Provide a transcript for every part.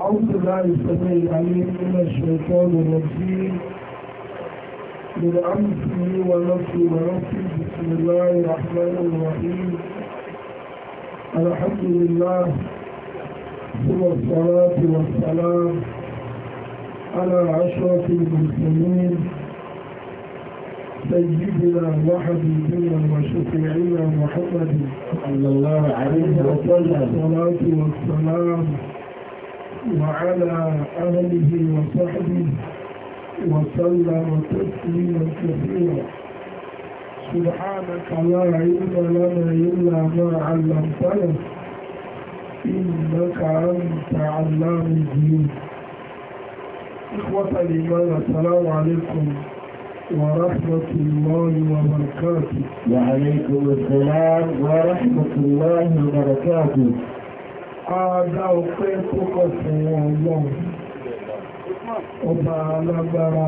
أعوذ بالله السميع العليم من الشيطان الرجيم من أنفسي ونفسي ونفسي بسم الله الرحمن الرحيم الحمد لله ثم الصلاة والسلام على أشرف المسلمين سيدنا وحبيبنا وشفيعنا محمد صلى الله عليه وسلم الصلاة والسلام وعلى آله وصحبه وسلم تسليما كثيرا سبحانك لا علم لنا إلا ما علمتنا إنك أنت علام الغيوب إخوة الإيمان السلام عليكم ورحمة الله وبركاته وعليكم السلام ورحمة الله وبركاته Ọba ọpẹ́ tó kọ̀ fún ọlọ́run. Ọba alágbára,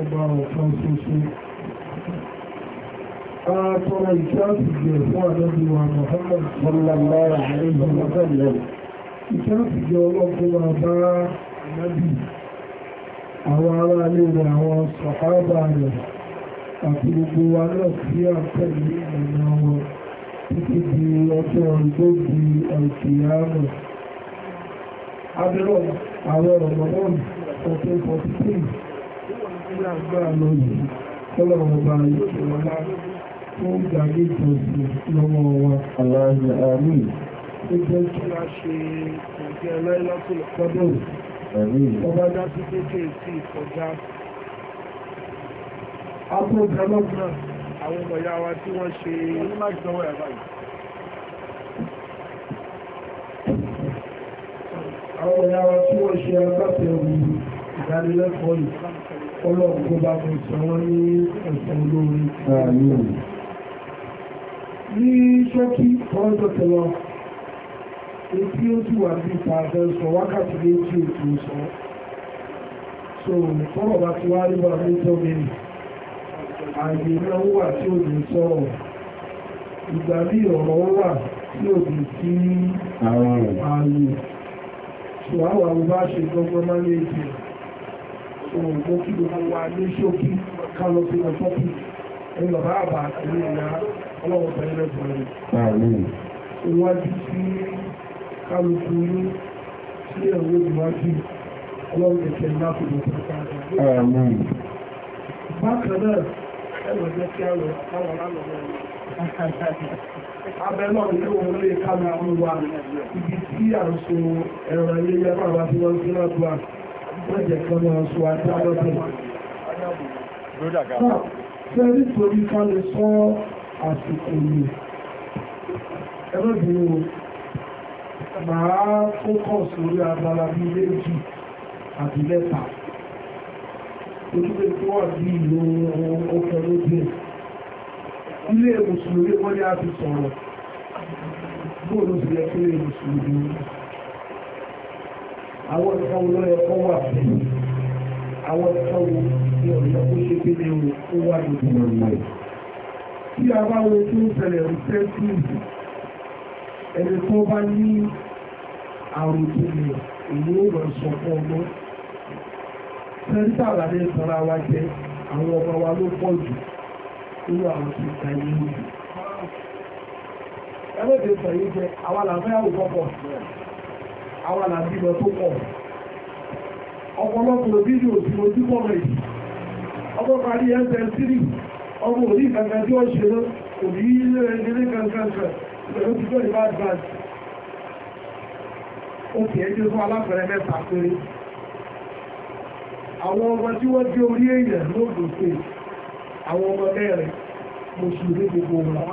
ọba ọ̀kan ṣoṣo. Àtọrọ ìṣáàtìjẹ fún àdọ́bíwa Mọ̀hánmàdì Sọ́lọ́lára àríwá Mọ́sánlẹ̀. Ìṣáàtìjẹ ọlọ́gbọ́n bá nábì àwọn ará alé rẹ̀ àwọn sọ̀hábà rẹ̀ àti gbogbo wa náà sí àpẹẹrẹ ìrìnà wọn títí di ọjọ́ ìjọ́ di ẹ̀kìyàmù abẹ́rọ̀ àwọn ọ̀rọ̀mọ̀lọ́nù 1443 ní àgbà lónìí kọ́lọ̀mọ̀ bá yóò ṣe wọ́n lá fún ìgbàgbé ìjọsìn lọ́wọ́ wa aláàrẹ àmì ó jẹ́ kí a ṣe ìgbẹ́ aláìlọ́pọ̀ lọ́pọ̀dọ̀ ọba dá sí kéèkéè sí ìkọjá àwọn ọmọ ìyá wa tí wọ́n ṣe onímọ̀jọ́wọ́ ẹ̀bá yìí àwọn ọmọ ìyá wa tí wọ́n ṣe agbáfẹ́ orí ìdánilẹ́kọ̀ọ́ yìí ọlọ́run tó bá fún ìṣẹ́ wọn ní ẹ̀sẹ̀ olórin ní ṣọ́kí ọjọ́ tẹ̀lọ etí ó ti wà ní ìpàdé sọ wákàtí méjì òtún sọ so fọ́nà bá ti wá rí wà ní ìjọ mẹ́rin ààyè wà tí ò ní sọ̀rọ̀ ìgbà ọ̀rọ̀ wà tí ò ní sí ààyè ṣùgbọ́n àwọn bá ṣe gbọ́gbọ́ máa lè jẹ́ ohun tó kí ló wà ní ṣókí ká lọ sí ọjọ́ Abẹ́ náà ní òun lè kánà wíwá ibi tí à ń so ẹ̀rọ ilé yẹ́pàá wá tí wọ́n tí wọ́n tó à lọ́jẹ̀ kan náà so àti àdọ́tẹ̀. Fẹ́ nítorí ká lè sọ àsìkò yìí. Ẹlọ́bìnrin o, màá fókọ̀ sórí abala bíi méjì àbí mẹ́ta ojúlé tí wọ́n bí ìlú ọkọ̀ lójú ilé mùsùlùmí wọ́n ní a ti sọ̀rọ̀ bóòlù sí ẹ̀kọ́ ilé mùsùlùmí àwọn ìfọwọ́ lọ ẹ̀kọ́ wà bẹ̀ àwọn ìfọwọ́ ní ọ̀yọ́ ó ṣe pé ní ó wà ní ìgbìmọ̀ tí a bá wo tó ń ṣẹlẹ̀ rìsẹ́ńtì ẹni tó bá ní àròjìnlẹ̀ èyí ó lọ sọ fún ọgbọ́n sẹ́ńtà àlàyé ìtara wa jẹ́ àwọn ọba wa ló pọ̀ jù nínú àwọn tí ìta ní jù sọ yìí jẹ́ àwọn àlàfẹ́ àwòkọ́ pọ̀ àwọn àlàbí lọ tó pọ̀ ọ̀pọ̀lọpọ̀ fídíò tí mo dúpọ̀ rẹ̀ yìí ọmọ parí ẹsẹ̀ ọmọ kankan tí ṣe kankan pẹ̀lú ó ti ẹjọ́ fún alápẹ̀rẹ̀ mẹ́ta péré àwọn ọmọ tí wọ́n jẹ́ orí èèyàn lóògùn pé àwọn ọmọ mẹ́rin mo sì rí gbogbo wọn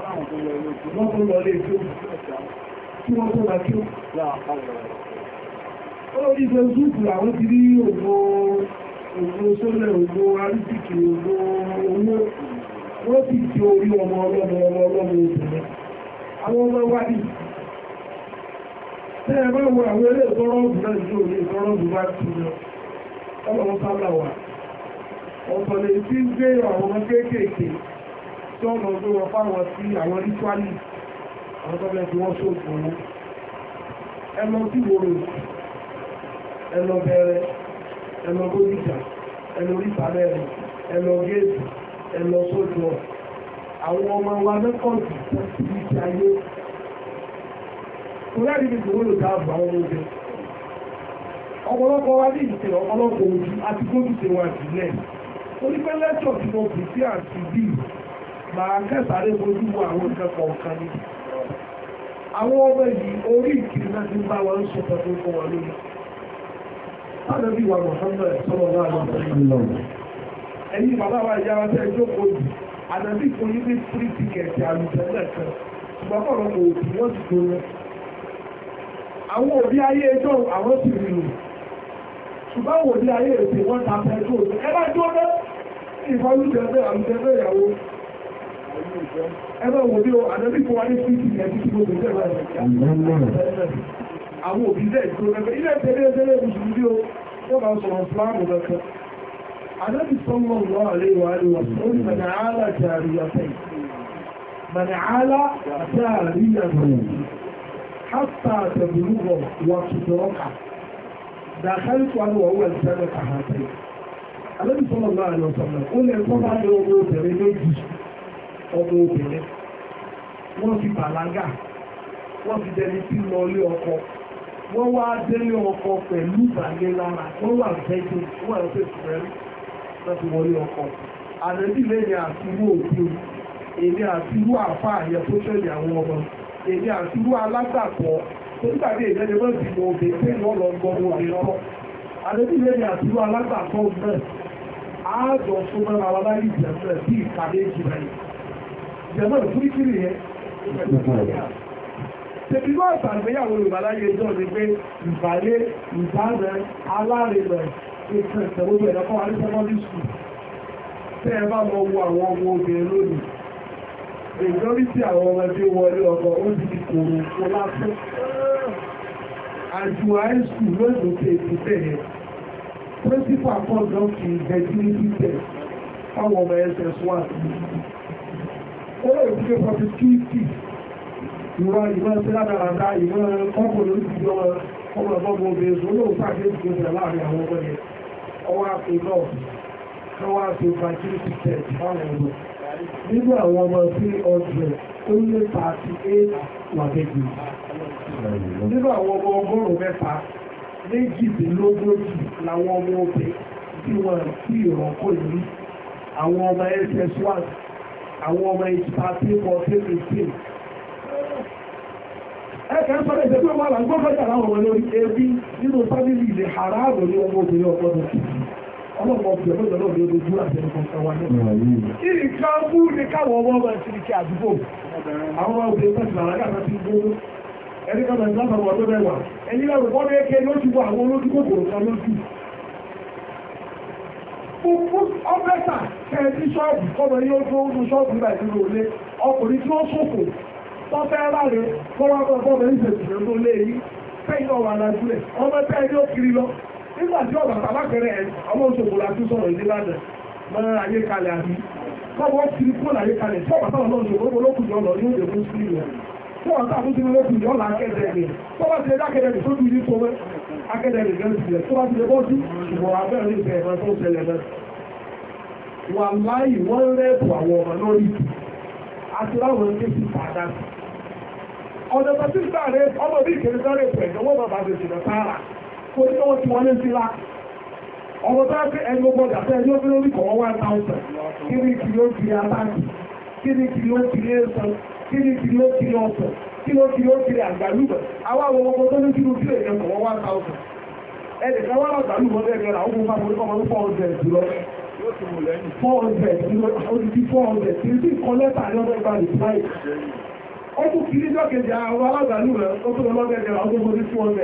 wọ́n tó lọ lé tó tí wọ́n tó lákí olórí fẹ́sùkù àwọn ti rí ògbò sólẹ̀ ògbò arísìkì ògbò owó wọ́n ti tí orí ọmọ ọlọ́mọ ọmọ ọlọ́mọ obìnrin àwọn ọmọ wádì tẹ́ẹ̀ bá wọ àwọn eré ìtọ́rọ̀ ọ̀gbùn náà sí orí ìtọ́rọ̀ ọ̀gbùn bá ti lọ ọlọ́run sábà wà ọ̀tọ̀ lè tí ń gbé àwọn ọmọ kéékèèké tí wọ́n mọ̀ gbé wọn fáwọn sí àwọn rituali àwọn tọ́lẹ̀ tí wọ́n ṣòfò wọn ẹlọ tí wòrò ẹlọ bẹ̀rẹ̀ ẹlọ bójìjà ẹlọ rífàlẹ́rẹ̀ ẹlọ géètì ẹlọ sójú àwọn ọmọ wa mẹ́kọ̀ọ̀dù tó ti ayé kò láti ọ̀pọ̀lọpọ̀ wa ní ìṣe ọ̀pọ̀lọpọ̀ ojú àti gómìnà wa jùlẹ̀ onípẹ́ lẹ́tọ̀ tí mo kù sí àti bí màá kẹsàárẹ́ bojú wo àwọn ìkẹ́kọ̀ọ́ kan ní àwọn ọmọ yìí orí ìkiri náà ti ń bá wọn sọ pẹ̀lú fún wọn lórí sáàdẹ́bí wa Muhammad sọ́rọ̀ láàrín ẹ̀yìn bàbá wa ìyára tẹ́ jókòó yìí àdàbí fún yí ní free ticket àlùtẹ́lẹ̀ kan ṣùgbọ́n kọ̀ọ̀rọ̀ kò òkú wọ́n ti gbóná àwọn òbí ayé ẹjọ́ àwọn sì rí ṣùgbọ́n wò ní ayé ètè wọ́n ta pẹ̀lú ẹgbẹ́ tó bẹ́ ìfọ́lújẹ́gbẹ́ àmújẹ́gbẹ́ ìyàwó ẹgbẹ́ wò ní o àdẹ́bí fún wa ní fíìtì ẹ̀ tí kí gbogbo ìjẹ́ àwọn òbí dẹ̀ ìjọ ẹgbẹ́ ilẹ̀ tẹ́lẹ̀ tẹ́lẹ̀ mùsùlùmí bí o wọ́n bá sọ̀rọ̀ wà tùtù ọkà دخلت وانا وهو السابق هاتين النبي صلى الله عليه وسلم قل ان طبعا لو obìnrin méjì ọmọ wọ́n fi bàlágà wọ́n fi dẹni tí lọ lé ọkọ wọ́n wá délé ọkọ pẹ̀lú lára wọ́n wà fẹ́jọ wọ́n wà fẹ́ fẹ́rẹ́ ọkọ àdẹ́bí lẹ́yìn èmi àfáà yẹ tó tẹ̀lé àwọn ọmọ èmi alágbàpọ̀ Nígbàdé ìrẹ́lẹ̀ wọ́n ti mọ̀ òkè pé wọ́n lọ gbọ́ wọn àìrọ́pọ̀. Àdébí lẹ́yìn àti wọ́n alágbàkọ́ náà, ààjọ súnmọ́ ara láyé ìjẹ̀mọ́ sí ìkàdé ìjìnlẹ̀ yìí. Ìjẹ̀mọ́ ìfúríkìrì yẹn, Tẹ̀bí wọ́n àtàgbéyàwó ìbàláyé ẹjọ́ ni pé ìbàlé, ìbàlẹ̀, alárinà, ìfẹ̀sẹ̀ gbogbo ẹ̀dọ́kọ́ alẹ́sẹ̀mọ́lì sùn. Tẹ́ ẹ bá mọ wo àwọn ọmọ obìnrin lónìí, ìjọrí tí àwọn ọmọdé wọlé ọkọ̀ ó ti kòrò fún lásán àjù àìsù lóòdò tẹ̀ ti bẹ̀rẹ̀ pẹ́sípà kọ́ńdọ̀ fi virginity test fáwọn ọmọ ss1 ó lè fi forty two feet ìwà ìmọ̀ síládàradà ìmọ̀ ọkùnrin olùdíjọ ọmọ ọgbọ́n obìnrin sọ lóòótọ́ àdéhùn ìgbésẹ̀ láàrin àwọn ọmọ yẹn ọwọ́ àpè náà wọ́n wá ṣe virginity test fáwọn ọmọ nínú àwọn ọmọ sí ọdún ó lé 38 wà méjì nínú àwọn ọmọ ọgọ́rùn-ún mẹ́ta méjìdínlógójì làwọn ọmọ òbí tí wọ́n sí ìrọ̀kọ́ yìí àwọn ọmọ ss1 àwọn ọmọ ìpàtí 14 ẹ̀kẹ́ ń sọ́rọ̀ ìṣẹ́gbẹ́ wọn là ń gbọ́kọ̀jà láwọn ọmọ lórí ebi nínú fábílì ilẹ̀ haramu ní ọmọ ọlọ́pọ̀ ọ̀pọ̀ ọ̀pọ̀ ìjọba òde ojú àjẹnìkan kan wá náà. kí nǹkan mú ní káwọn ọmọ ọmọ ìṣirí kí àdúgbò àwọn ọmọ òde pẹ̀lú àlágà náà ti gbóró ẹni kan náà sábà wà lọ́dọ̀ ẹ̀wà ẹni lẹ́rù kọ́ ní ẹkẹ lójú wọ àwọn olójú kòkòrò kan lójú. fúnfún ọ́fẹ́sà kẹ́ẹ̀dí ṣọ́ọ̀bù kọ́mọ ní ó tó ń ṣọ́ọ̀bù nígbà tí ó lé ọkùnrin tí ó ṣòfò tọ́fẹ́ ráre kọ́wọ́ nígbà tí ọ̀nà tàbákẹrẹ ọmọ òṣogbo láti sọ̀rọ̀ ìdí ládẹ̀ mọ́rán ayé kalẹ̀ àbí kọ́wọ́ ti rí kúrò láyé kalẹ̀ tí ọ̀pàtà ọ̀nà òṣogbo olókùnjọ́ lọ ní òde fún sí ilẹ̀ tí wọ́n tàbí sí olókùnjọ́ là akẹ́dẹ̀ rẹ̀ tó bá ti lè dákẹ́dẹ̀ rẹ̀ sójú ní tòwẹ́ akẹ́dẹ̀ rẹ̀ gẹ́rù sílẹ̀ tó bá ti lè bọ́ sí ṣùgbọ́n abẹ́rẹ́ ìfẹ́ ẹ̀fẹ́ tó ṣẹlẹ̀ náà wà láì wọ́n rẹ́ẹ̀bù àwọn ọmọ lórí àti láwọn ẹgbẹ́ sí fàdá ọ̀dọ̀ tó ti sáré ọmọ bí ìkẹrẹ sáré pẹ̀lú wọ́n bàbá ti ṣẹlẹ̀ sára kò ní tọ́wọ́ tí wọ́n lé síra ọmọ tó ṣe ẹni gbogbo ìdàtẹ́ ẹni ó fi lórí kọ̀wọ́ 1000 kí ni kí ló ti àtàkì kí ni kí ló ti ẹ̀sọ́ kí ni kí ló ti ọ̀sọ̀ kí ló ti ó ti àgbàlúbọ̀ àwọn àwọn ọmọ tó ní kírú sílẹ̀ ẹ̀yẹ kọ̀wọ́ 1000 ẹni kan wọ́n àgbàlúbọ̀ lẹ́gbẹ̀ẹ́ àwọn ọmọ ọmọ ọmọ ọmọ ọmọ ọmọ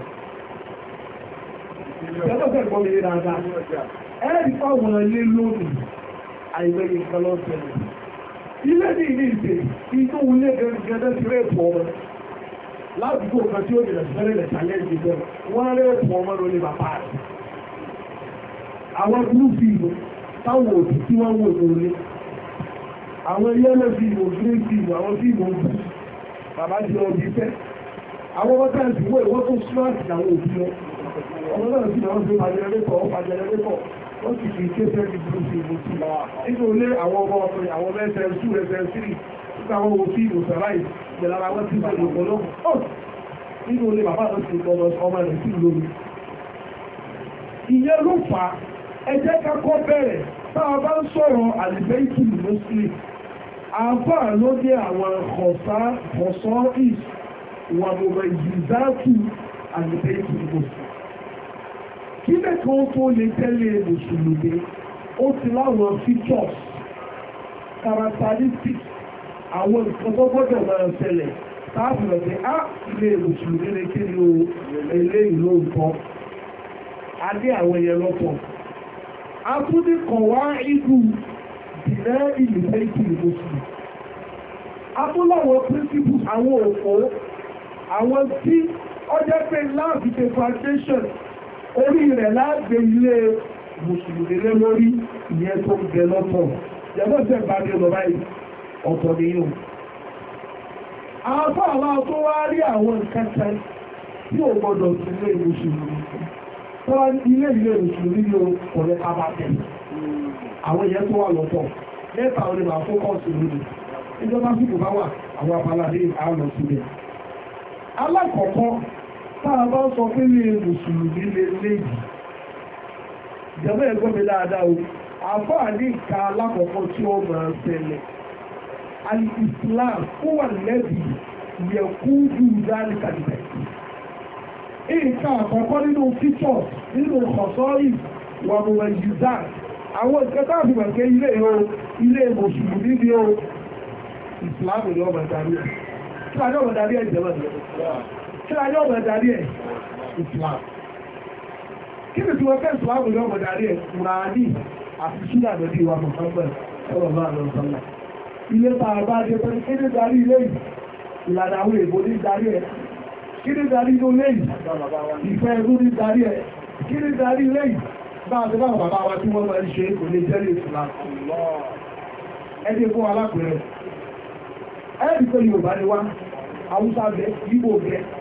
Ìjọ́sọ̀tẹ̀ ìgbọ́n mi ní dáadáa. Ẹ̀rẹ́dì fáwọn ilé lónìí, àìgbẹ́yìn ìfẹ́lọ́sẹ̀lẹ̀. Ilé ní ilé ìpè, inú ilé gẹ́gẹ́ ti rẹ̀ pọ̀ ọmọ. Láàdúgbò kan tí ó dìrẹ̀ sẹ́rẹ̀ lẹ̀ sàlẹ̀ ìgbẹ́ wọ́n rẹ̀ pọ̀ ọmọ lórí bàbá rẹ̀. Àwọn gúúfì ìlú táwọn òtù tí wọ́n wò lórí. Àwọn yẹ́lẹ̀ fi ìmọ̀ gírí fi ìmọ̀ àwọn tí ìmọ̀ bú. Bàbá ti lọ bí fẹ́. Àwọn wọ́n tàbí wọ́n tó súnmọ́ àti àwọn òbí lọ ọmọ náà sì lọ́wọ́ sí pàjẹ́lẹ́pọ̀ pàjẹ́lẹ́pọ̀ wọ́n sì fi ké fẹ́ ìbúrú sí ìbú sí wa nínú ilé àwọn ọmọ ọkùnrin àwọn mẹ́sẹ̀ ṣú ẹsẹ̀ sí nípa àwọn owó sí ìwòsàn láì jẹ̀lára wọ́n ti fẹ́ ìwòsàn lọ́wọ́ nínú ilé bàbá tó ti gbọdọ̀ ọmọ rẹ̀ sí lórí ìyẹn ló fà á ẹ jẹ́ ká kọ́ bẹ̀rẹ̀ tá a bá ń sọ̀rọ̀ àlìbẹ́ìtì mùsùlùmí àbá ló dé àwọn ọ̀sán ọ̀sán ìs wà bọ̀bọ̀ ìjìzáàtù àlìbẹ́ìtì mùsùlùmí kí lẹ́kọ̀ọ́ tó lè tẹ́lẹ̀ mùsùlùmí ó ti láwọn features characteristics àwọn nǹkan tó gbọ́dọ̀ máa ṣẹlẹ̀ táàbùrọ̀ pé á ah, ilé mùsùlùmí lè kí ni o ilé ìlú nǹkan a ní àwọn ẹyẹ lọ́pọ̀ a tún ní kàn wá ìlú ìdílé ìlú méjì mùsùlùmí a tún láwọn principles àwọn òfò àwọn tí ó jẹ́ pé láàbì ṣe foundation orí rẹ̀ láàgbé ilé mùsùlùmí lé lórí ìyẹn tó ń bẹ lọ́tọ̀ jẹ́lọ́sẹ̀ bá ní ọlọ́bá yìí ọ̀tọ̀ ni yóò afọ́ àwọn tó wá rí àwọn nǹkan kan tí ò gbọdọ̀ sí ilé mùsùlùmí tó wá ilé ilé mùsùlùmí yóò kọ̀lẹ́ kábàtẹ̀ àwọn ìyẹn tó wà lọ́tọ̀ mẹ́ta orí màá fókọ̀sì lórí ìjọba sí kò bá wà àwọn abala ní àlọ́ sílẹ̀ táà bá sọ pé ní mùsùlùmí lè léjì ìjọba ẹ̀gbọ́n mi dáadáa o àfáà ní ìka alákọ̀ọ́kọ́ tí ó máa ń ṣẹlẹ̀ al-islam fún wà lẹ́bí yẹ kú ju dáàlì kàdìbẹ̀ ìka àkọ́kọ́ nínú fífọ́ nínú ọ̀sọ́rì wà mọ̀wẹ̀ yìí àwọn ìkẹta àfihàn pé ilé o ilé mùsùlùmí ni o ìsìlámù ni ọmọ ìdarí ẹ̀ kí la yọ́ ọ̀rọ̀ darí ẹ̀ islam kí ni tí wọ́n fẹ́ islam yọ́ ọ̀rọ̀ darí ẹ̀ kùránì àti ṣúgà lọ́dí wa Muhammad sọ̀rọ̀ máa lọ sọ́lá ilé bàbá bá dé pẹ́ kí ni darí ilé yìí ìlànà àwọn èèbò ní darí ẹ̀ kí ni darí inú ilé yìí ìfẹ́ ẹ̀rú ní darí ẹ̀ kí ni darí ilé yìí bá a ti bá bàbá wa tí wọ́n máa ń ṣe kò lè jẹ́ lè islam ẹni fún alákùnrin ẹni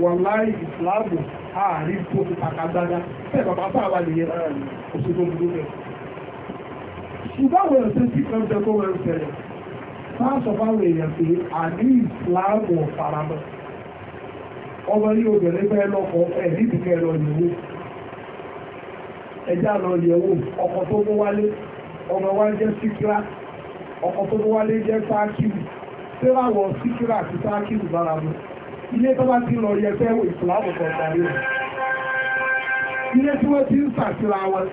wọ̀nláì ìsìláàbù ààrí tó ti pàkàgbádá fẹ́ bàbá bá wà lè yẹ òṣèlú gbogbo rẹ̀ ṣùgbọ́n wọ́n ṣe sí kan jẹ́ kó wọ́n ṣẹlẹ̀ máa sọ fáwọn èèyàn pé àní ìsìláàbù ọ̀faramọ́ ọmọ ní obìnrin fẹ́ lọ́kọ̀ ẹ̀ níbi kẹ́ lọ yẹ̀wò ẹjá lọ yẹ̀wò ọkọ̀ tó mú wálé ọmọ wa jẹ́ síkírá ọkọ̀ tó mú wálé jẹ́ sáàkìlì tí wọ́n wọ síkírá àti sáàkìlì bára mu ilé tó bá ti lọ yẹ fẹ́ wò ìsìláàmù ilé tí wọ́n ti ń sàtìra wọn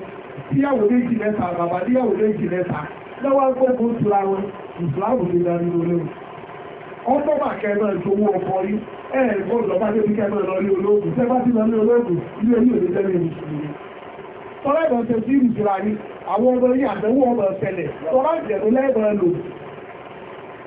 síyàwó méjì mẹ́ta bàbá níyàwó méjì mẹ́ta lọ́wọ́ ń pẹ́ fún tura wọn ìsìláàmù ti darí olóòrùn ọgbọ́n bá kẹ́mọ́ ìṣòwò ọkọ̀ yìí ẹ̀ gbọ́dọ̀ bá débi kẹ́mọ́ lọ ní olóògùn tẹ́ bá ti lọ ní olóògùn ilé yìí ò ní tẹ́lẹ̀ ní àwọn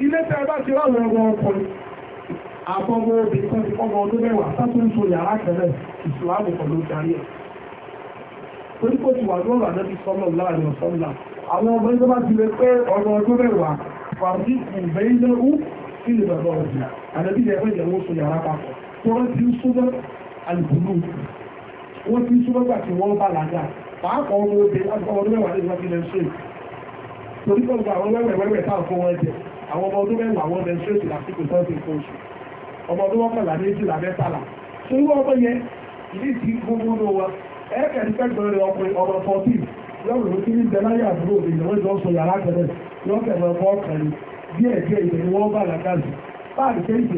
ilé tẹ́ bá ti ráwọ̀ ọmọ ọkùnrin àbọ̀mọ obìnrin kan ti kọ́mọ ọdún mẹ́wàá sátó ń so yàrá tẹ́lẹ̀ ìsìláàmù kan ló darí ẹ̀ torí kò ti wà lọ́rọ̀ àdẹ́bí sọ́lọ̀ láàrin ọ̀sọ́lá àwọn ọmọ ẹgbẹ́ bá ti lè pé ọmọ ọdún mẹ́wàá fàmí ìgbẹ́ ilé ú ilé bàbá ọ̀dì àdẹ́bí ilẹ̀ ẹgbẹ́ ìyẹ̀wò so yàrá papọ̀ tí wọ́n ti ń súnmọ́ àlùkùlù wọ́n ti ń àwọn ọmọ ọdún mẹ́wàá wọn menstruate lásìkò sọ́ọ̀tì nǹkan oṣù ọmọ ọdún mọ́kànlá méjìlá mẹ́tàlá tó irú ọmọ yẹn ìdí ti gbogbo ní wa ẹ̀ẹ́kẹ̀ ní pẹ́gbẹ̀rẹ̀ rẹ̀ ọkùnrin ọmọ fourteen lọ́rùn ló ti ní bẹ láyé àbúrò mi ìyàwó ìjọ sọ yàrá tẹ̀lẹ̀ lọ́kẹ̀ mọ́ ọkọ̀ ọkùnrin díẹ̀ díẹ̀ ìbẹ̀ ni wọ́n bá làgàzì báàlì kéèkì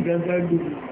ẹ̀jẹ̀ wọ́n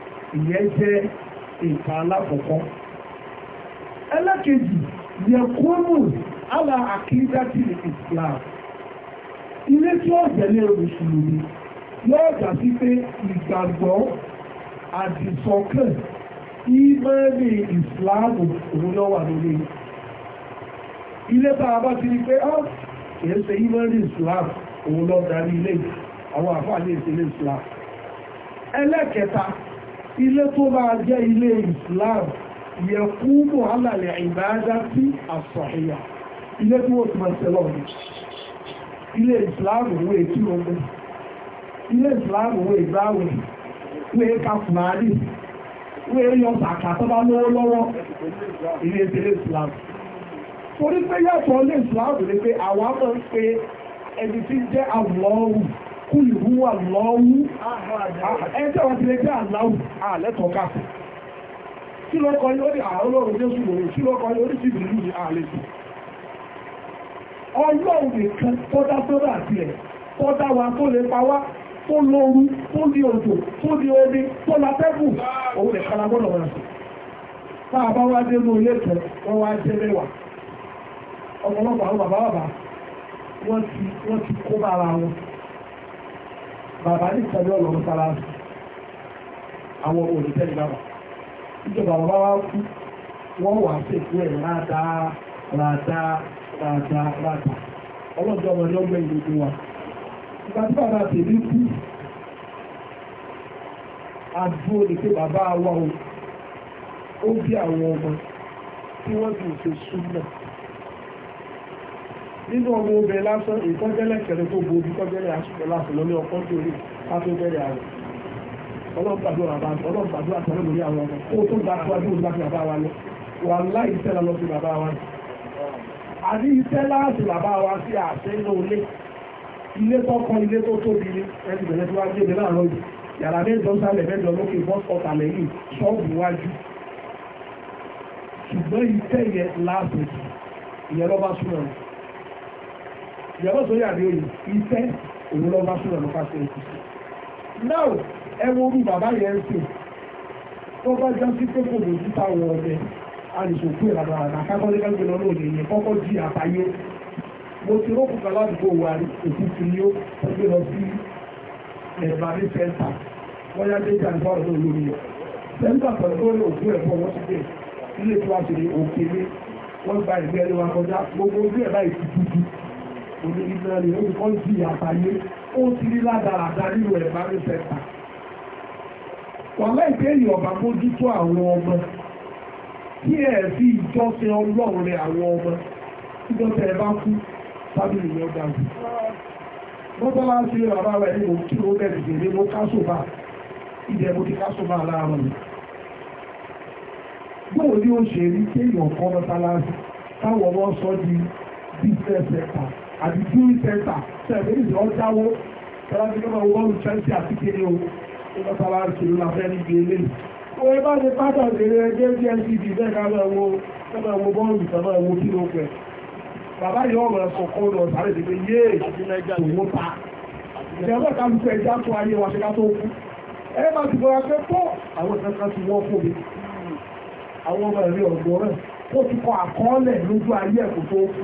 ìyẹn jẹ́ nǹkan alákọ̀ọ́kọ́ ẹlẹ́kejì yẹ kúrò ala àkídàtì Islam ilé tí ó tẹ̀lé mùsùlùmí yóò dà sí pé ìgbàgbọ́ àdìsọ́kàn ìmọ̀ẹ́lì ìsìláàmù òun lọ́wà lórí ilé tàà bá ti rí pé ọ́ ah, kìí ṣe ìmọ̀ẹ́lì ìsìláàmù òun lọ́ darí ilé àwọn àfáà ní ìsìlẹ̀ ìsìláàmù ẹlẹ́kẹta ilé tó máa jẹ́ ilé Islam yẹ kú mọ̀hálàlẹ̀ ìbáadá sí àṣàhíyà ilé tí wọ́n ti máa tẹ̀lọ́ ní ilé Islam wé tí wọ́n gbé ilé Islam wé ìgbáwé wé kàfùmáàlì wé yọ sàkàtọ́bá lówó lọ́wọ́ ilé ìtẹ̀lé Islam torí pé yàtọ̀ ilé Islam ni pé àwọn máa ń pe ẹni tí ń jẹ́ àwòrán kúl húwà lọ́wú ẹjẹ́ wọn ti lè jẹ́ àláwù àlẹ́tọ̀ọ́ká kí ló kọ́ yóò rí àlọ́run jésù lòrò kí ló kọ́ yóò rí síbi ìlú yìí àlejò ọlọ́run nìkan tọ́dá sọ́dá àti ẹ̀ tọ́dá wa tó lè pa wá tó lóru tó di òjò tó di omi tó látẹ́kù òun nìkan la gbọ́dọ̀ wọn sí táà bá wá dé ní ilé kan wọ́n wá jẹ́ mẹ́wàá ọ̀pọ̀lọpọ̀ àwọn bàbá bàbá ti kó bára wọn bàbá ní ìṣẹ́lẹ̀ ọlọ́run sára àwọn olùtẹ́lẹ̀ bàbá ìjọba bàbá wá kú wọ́n wà sí ìlú ẹ̀ dáadáa dáadáa dáadáa dáadáa ọlọ́jọ́ ọmọ ẹlọ́gbẹ́ ìlú wa ìgbà tí bàbá tèmi kú àdúró ni pé bàbá wa ó bí àwọn ọmọ tí wọ́n ti ń ṣe súnmọ́ nínú ọmọ obẹ̀ lásán ìkọ́jẹ́lẹ̀ kẹrẹ tó bo orí kọ́jẹ́lẹ̀ àṣùkọ láti lọ́lé ọkọ́ tó rí pátó bẹ̀rẹ̀ ààrẹ ọlọ́gbàdúrà bá ọlọ́gbàdúrà tọ́lọ́ lórí àwọn ọmọ kó tó gba tó adúrú láti bàbá wa lọ wà láì iṣẹ́ lọ sí bàbá wa àní iṣẹ́ láti bàbá wa sí àṣẹ inú ilé ilé tó kọ́ ilé tó tóbi ní ẹni bẹ̀rẹ̀ tó wá gbé mi láàárọ̀ yìí yàrá mẹ́jọ sálẹ̀ mẹ́jọ lókè bọ́sọ̀tà lẹ́yìn ṣọ́ọ̀bù wájú ṣùgbọ́n iṣẹ́ yẹn láàbò ìyẹn lọ́ bá súnmọ́ ìyàwó sórí àdé òyìn iṣẹ́ òun lọ bá ṣúlọ̀ lọ́ka ṣe èkó náà ẹ wo orú bàbá yẹn ń pè tó bá já sí pé kò lójú táwọn ọdẹ alùsòkú ìlànà àkàkọ́lẹ́ gbẹ́gbẹ́ lọ lóde yẹn kọ́kọ́ jí àtàyé mo ti rókù kan ládùúgbò wa òkú ti ní ó gbé lọ sí ẹ̀bàdí sẹ́ńtà wọ́n yá dé ìjànìfà ọ̀dọ́ olórí rẹ̀ sẹ́ńtà pẹ̀lú tó ní òkú ẹ̀fọ́ wọ́n ti dé ilé tó wá sí òkèlé wọ́n gba ìgbẹ́ ẹni wa kọjá gbogbo ojú ti òní ìbẹ̀rẹ̀ lè rí pọ́lìsì àtàyé ó ti rí ládàradà nílò ẹ̀bá ní sẹ́ta wàhálà ìpé èyí ọ̀bà mójútó àwọn ọmọ tí ẹ̀ sí ìjọsìn ọlọ́run rẹ̀ àwọn ọmọ ìjọsìn ẹ̀ bá kú sábì ìyẹn dàgbù mọ́tọ́lá ń ṣe bàbá rẹ̀ ní mo kí ó bẹ̀rẹ̀ sí ní mo kásòbà ìdẹ̀ mo ti kásòbà láàárọ̀ mi bóò ní ó ṣe rí kéèyàn kọ́ mọ́tálá táwọn ọmọ sọ di business sector àti tíì sẹ́ńtà tẹ̀lé ìdí ọjáwó tẹ́lá ti gbọ́nà wọ́ọ̀lù chelsea àti kéré o nígbà tàbá ìṣèlú làfẹ́ ní ibi ilé òwe bá ti pátá òṣèré ẹgbẹ́ gsd bẹ́ẹ̀ ká máa wo sábà wo bọ́ọ̀lù sábà wo kí ló pẹ̀ bàbá yìí ọ̀rọ̀ ẹ̀kọ́ kọ́ lọ sáré ti pé yé òwò ta ìjọba kálukú ẹja tó ayé wa ṣe ká tó kú ẹ máa ti bọ́ra pé pọ́ àwọn ìṣẹ́ká ti wọ́n fún mi àwọn ọmọ ẹ̀rí ọ̀dọ́ rẹ̀ ó ti kọ àkọọ́lẹ̀ lójú ayé ẹ̀kọ́ tó kú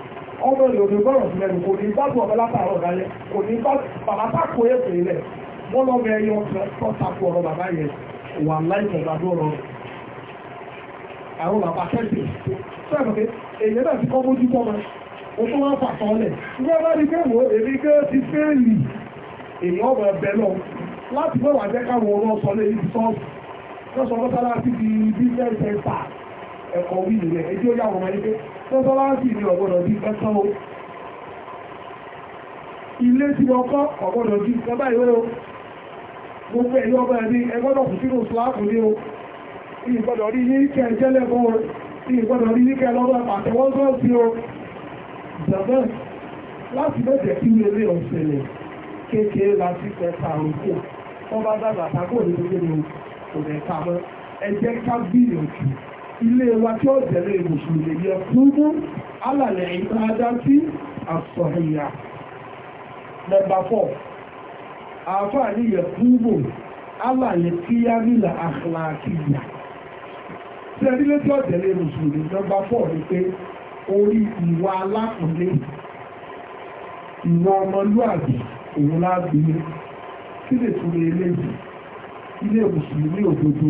ọmọ ìlò ní gbọ́rọ̀ sí lẹ́nu kò ní gbádùn ọmọ látàárọ̀ dálẹ́ kò ní bàbá tàkó ètò ilẹ̀ wọ́n lọ bẹ ẹyọ tó tàkó ọ̀rọ̀ bàbá yẹn wà láìpẹ́ gbádùn ọ̀rọ̀ àwọn bàbá kẹ́sì tó ẹ̀mọ̀ pé èyí náà ti kọ́ mójú tọ́ ma o tó wọ́n fàtọ́ lẹ̀ ní ọba ní kéwò èmi gé ti fẹ́ẹ̀lì èyí ọmọ ẹbẹ lọ láti mọ́ wà jẹ́ káwọn ọ̀rọ̀ sọ lé ibi sọ́ọ̀sì lọ́sọ̀rọ̀ ẹ̀kọ́ wíìlì rẹ̀ èdè ó yàwó máa ní pé mọ́sálásì ni ọ̀gbọ́dọ̀ bí ẹ̀sán o ilé tí wọ́n kọ́ ọ̀gbọ́dọ̀ bí ẹ̀sán báyìí ó gbogbo ẹ̀yọ́ ọba ẹ̀mí ẹgbọ́dọ̀ kù sínú ìsìláàmù ní o ìgbọ́dọ̀ rí ní kẹ́ jẹ́lẹ̀kọ́ o ìgbọ́dọ̀ rí ní kẹ́ lọ́wọ́ àtẹwọ́sọ́ sí o ìjọba láti mẹ́jẹ̀ kí ní ilé ọ̀sẹ̀lẹ̀ kéèkéé láti pẹ̀ta òkú wọ́n bá dàgbà tákò ní gbogbo ẹ̀ka mọ́ ẹjẹ́ ká gbìyànjú ilé wa tí ó jẹ̀lé mùsùlùmí yẹ fúnmú alàlẹ̀ ìtajà sí àsọ̀hìyà nọ́mbà 4 àfáà ní yẹ fúnmú alàlẹ̀ kíyàmìlà àkàlàkìyà tí ẹni lé tí ó jẹ̀lé mùsùlùmí nọ́mbà 4 ni pé orí ìwà alákùnlé ìwà ọmọlúàbí òun lágbèrè kí lè tún lè lè ilé mùsùlùmí òdodo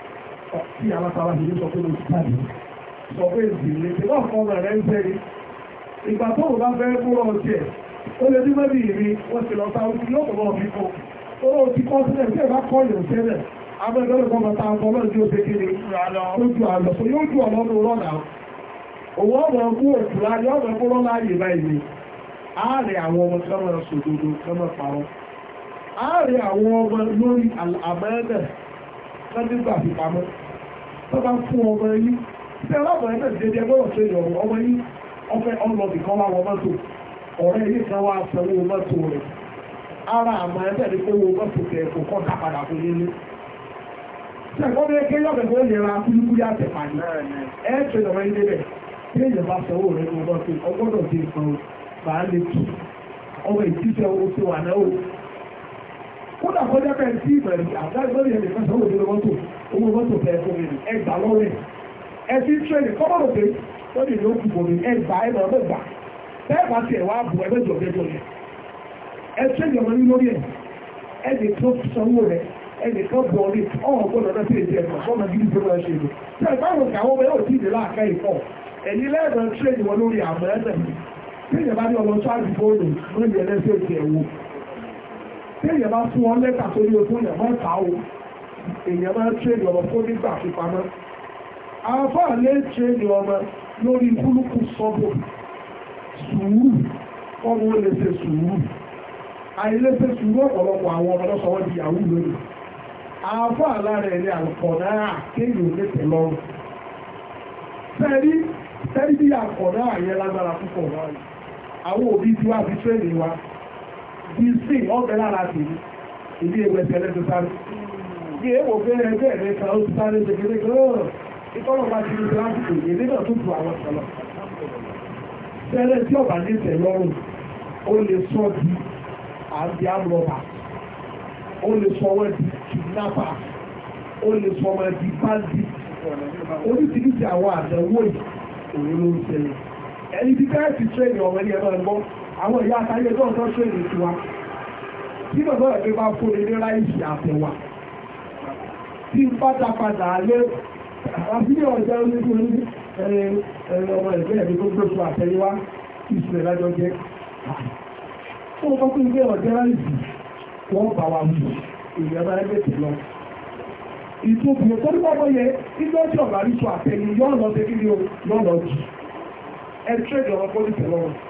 tí alátara ṣe sọ pé ló ti tàbí sọ pé ìdílé tí wọ́n kọ́ ọmọ rẹ̀ ń sẹ́rí ìgbà tó bá fẹ́ kúrò ọ̀tẹ̀ ó lè ní mẹ́bí ìrí wọ́n ti lọ ta ojú yóò tọ̀bọ̀ ọ̀bí kó ó lọ ti kọ́ sílẹ̀ tí ẹ̀bá kọ́ ìrìn sẹ́lẹ̀ abẹ́gbẹ́lẹ̀ kan bàtà ọkọ̀ lọ́dí ó ṣekiri lójú àlọ́ tó yóò jù ọmọ ọgbú òkú láyé ọmọ ọmọ tẹ́mọ̀ ààrẹ àwọn ọmọ lórí àmẹ́ẹ̀dẹ̀ lọ́dígbà fi pamọ́ tó bá fún ọmọ yìí tí alábọ̀rẹ́ náà dédé ẹgbọ́rọ̀ tó yọ ọmọ yìí ọfẹ́ ọlọ́dì kan wá wọ mọ́tò ọ̀rẹ́ yìí kan wá sanwó mọ́tò rẹ̀ ara àmọ́ ẹgbẹ́ ni pé wo mọ́tò tẹ̀ kò kọ́ ká padà fún yín ní. tí ẹ̀kọ́ bí ẹkẹ́ yọ̀bẹ̀ tó lè ra kúlúkúlú àtẹ̀pàdé ẹ̀ tó yọ̀rọ̀ yín débẹ̀ tí èèyàn bá sanwó rẹ̀ ní mọ́tò ọgbọ́dọ̀ dé nǹkan bàá lè tù ọmọ ìtìsẹ̀ owó tó wà náà kódà kó jẹ́ pẹ̀lú sí ìbẹ̀rẹ̀ àdáìsọ́rì ẹ̀mí fẹ́ sọ́wọ́ ìdílé mọ́tò owó mọ́tò fẹ́ fún mi ẹgbà lọ́rẹ̀ ẹ ti tírẹ̀nì kọ́mọ̀rọ̀ pé ó lè lókù bò mí ẹgbà ẹ̀nà ọgbà bẹ́ẹ̀ bá tiẹ̀ wá bù ẹgbẹ́ jọ bẹ́ẹ̀ jọlẹ̀ ẹ tírẹ̀nì ọmọ ní lórí ẹ̀ ẹnì tó sanwó rẹ̀ ẹnì kan bọ̀ ní ọ̀hún gbọ́dọ̀ náà sí èdè ẹ̀kọ́ sọ́nà gidi tó máa ṣe lò tẹ̀ báwo káwọn ọmọ yóò tí ì láàká ìkọ́ ẹ̀yìn lẹ́ẹ̀dọ̀ tírẹ̀nì wọn lórí àmọ́ ẹ̀sẹ̀ mi tí ìjọba ní ọlọ́tọ́ àdìgbò òòlù lórí ẹlẹ́sẹ̀ ìṣẹ̀wò téèyàn bá fún ọ lẹ́tà sórí o fún ẹ̀mọ́ ìta o èèyàn máa ń tréèdì ọmọ fún nígbà fipamọ́ àáfàá lè tréèdì ọmọ lórí búlùkù sọ́bù sùúrù ọmọ ó lè ṣe sùúrù àìlẹ́sẹ̀ sùúrù ọ̀pọ̀lọpọ̀ àwọn ọmọ lọ́sọ̀ wọ́n di yahoo lónìí àáfàá lára ẹ̀ ní àlùkọ̀ náà kéèyàn lè tẹ̀ lọ́rùn sẹ́rí sẹ́rí bí àkọ̀ náà yẹ lágbára púpọ̀ láàrín àwọn òbí tí wá fi tréèdì wa ìsì ọ̀bẹ̀ lára sí ìdí ẹgbẹ̀sẹ̀ ẹlẹ́tọ̀ sáré bí èèwò fẹ́rẹ̀ ẹgbẹ́ rẹ̀ kan ó ti sáré jẹgẹdẹ gọ́ọ̀rọ̀ ìkọ́lọ̀ bá ti rí lásìkò èdè náà tó tu àwọn ọ̀sọ̀lọ̀ fẹ́rẹ̀ tí ọ̀bà ní tẹ̀lọ́rùn ó lè sọ di àbí àmọ́ba ó lè sọ wọ́n di kìdínápà ó lè sọ wọ́n di pàǹdì oríṣiríṣi àwọn àdánwò yìí ló ń ṣẹlẹ̀ ẹni tí káyọ̀ ti tẹ́ àwọn ìyá àtàyè tó ń tọ́jú èrè tiwa tí bàbá ẹ̀gbẹ́ bá fún ilé láìsí àtẹ̀wà tí ń pátá padà lé àbílẹ̀ ọ̀jẹ́ onígun ní ọmọ ẹ̀gbẹ́ ẹ̀gbẹ́ tó gbé fún àtẹ̀yíwá ìṣẹ̀lẹ̀ lájọ jẹ́ ó bá fún ilé ọ̀jẹ́ láìsí wọ́n bá wa mú èèyàn bá ẹgbẹ́ tẹ̀ lọ ìtòkùn tó ní wọ́pọ̀ yẹ ilé ọjọ́ ọ̀gá rí fún àtẹ̀yí yọ́ lọ sí kíni o yọ́ lọ jù ẹ̀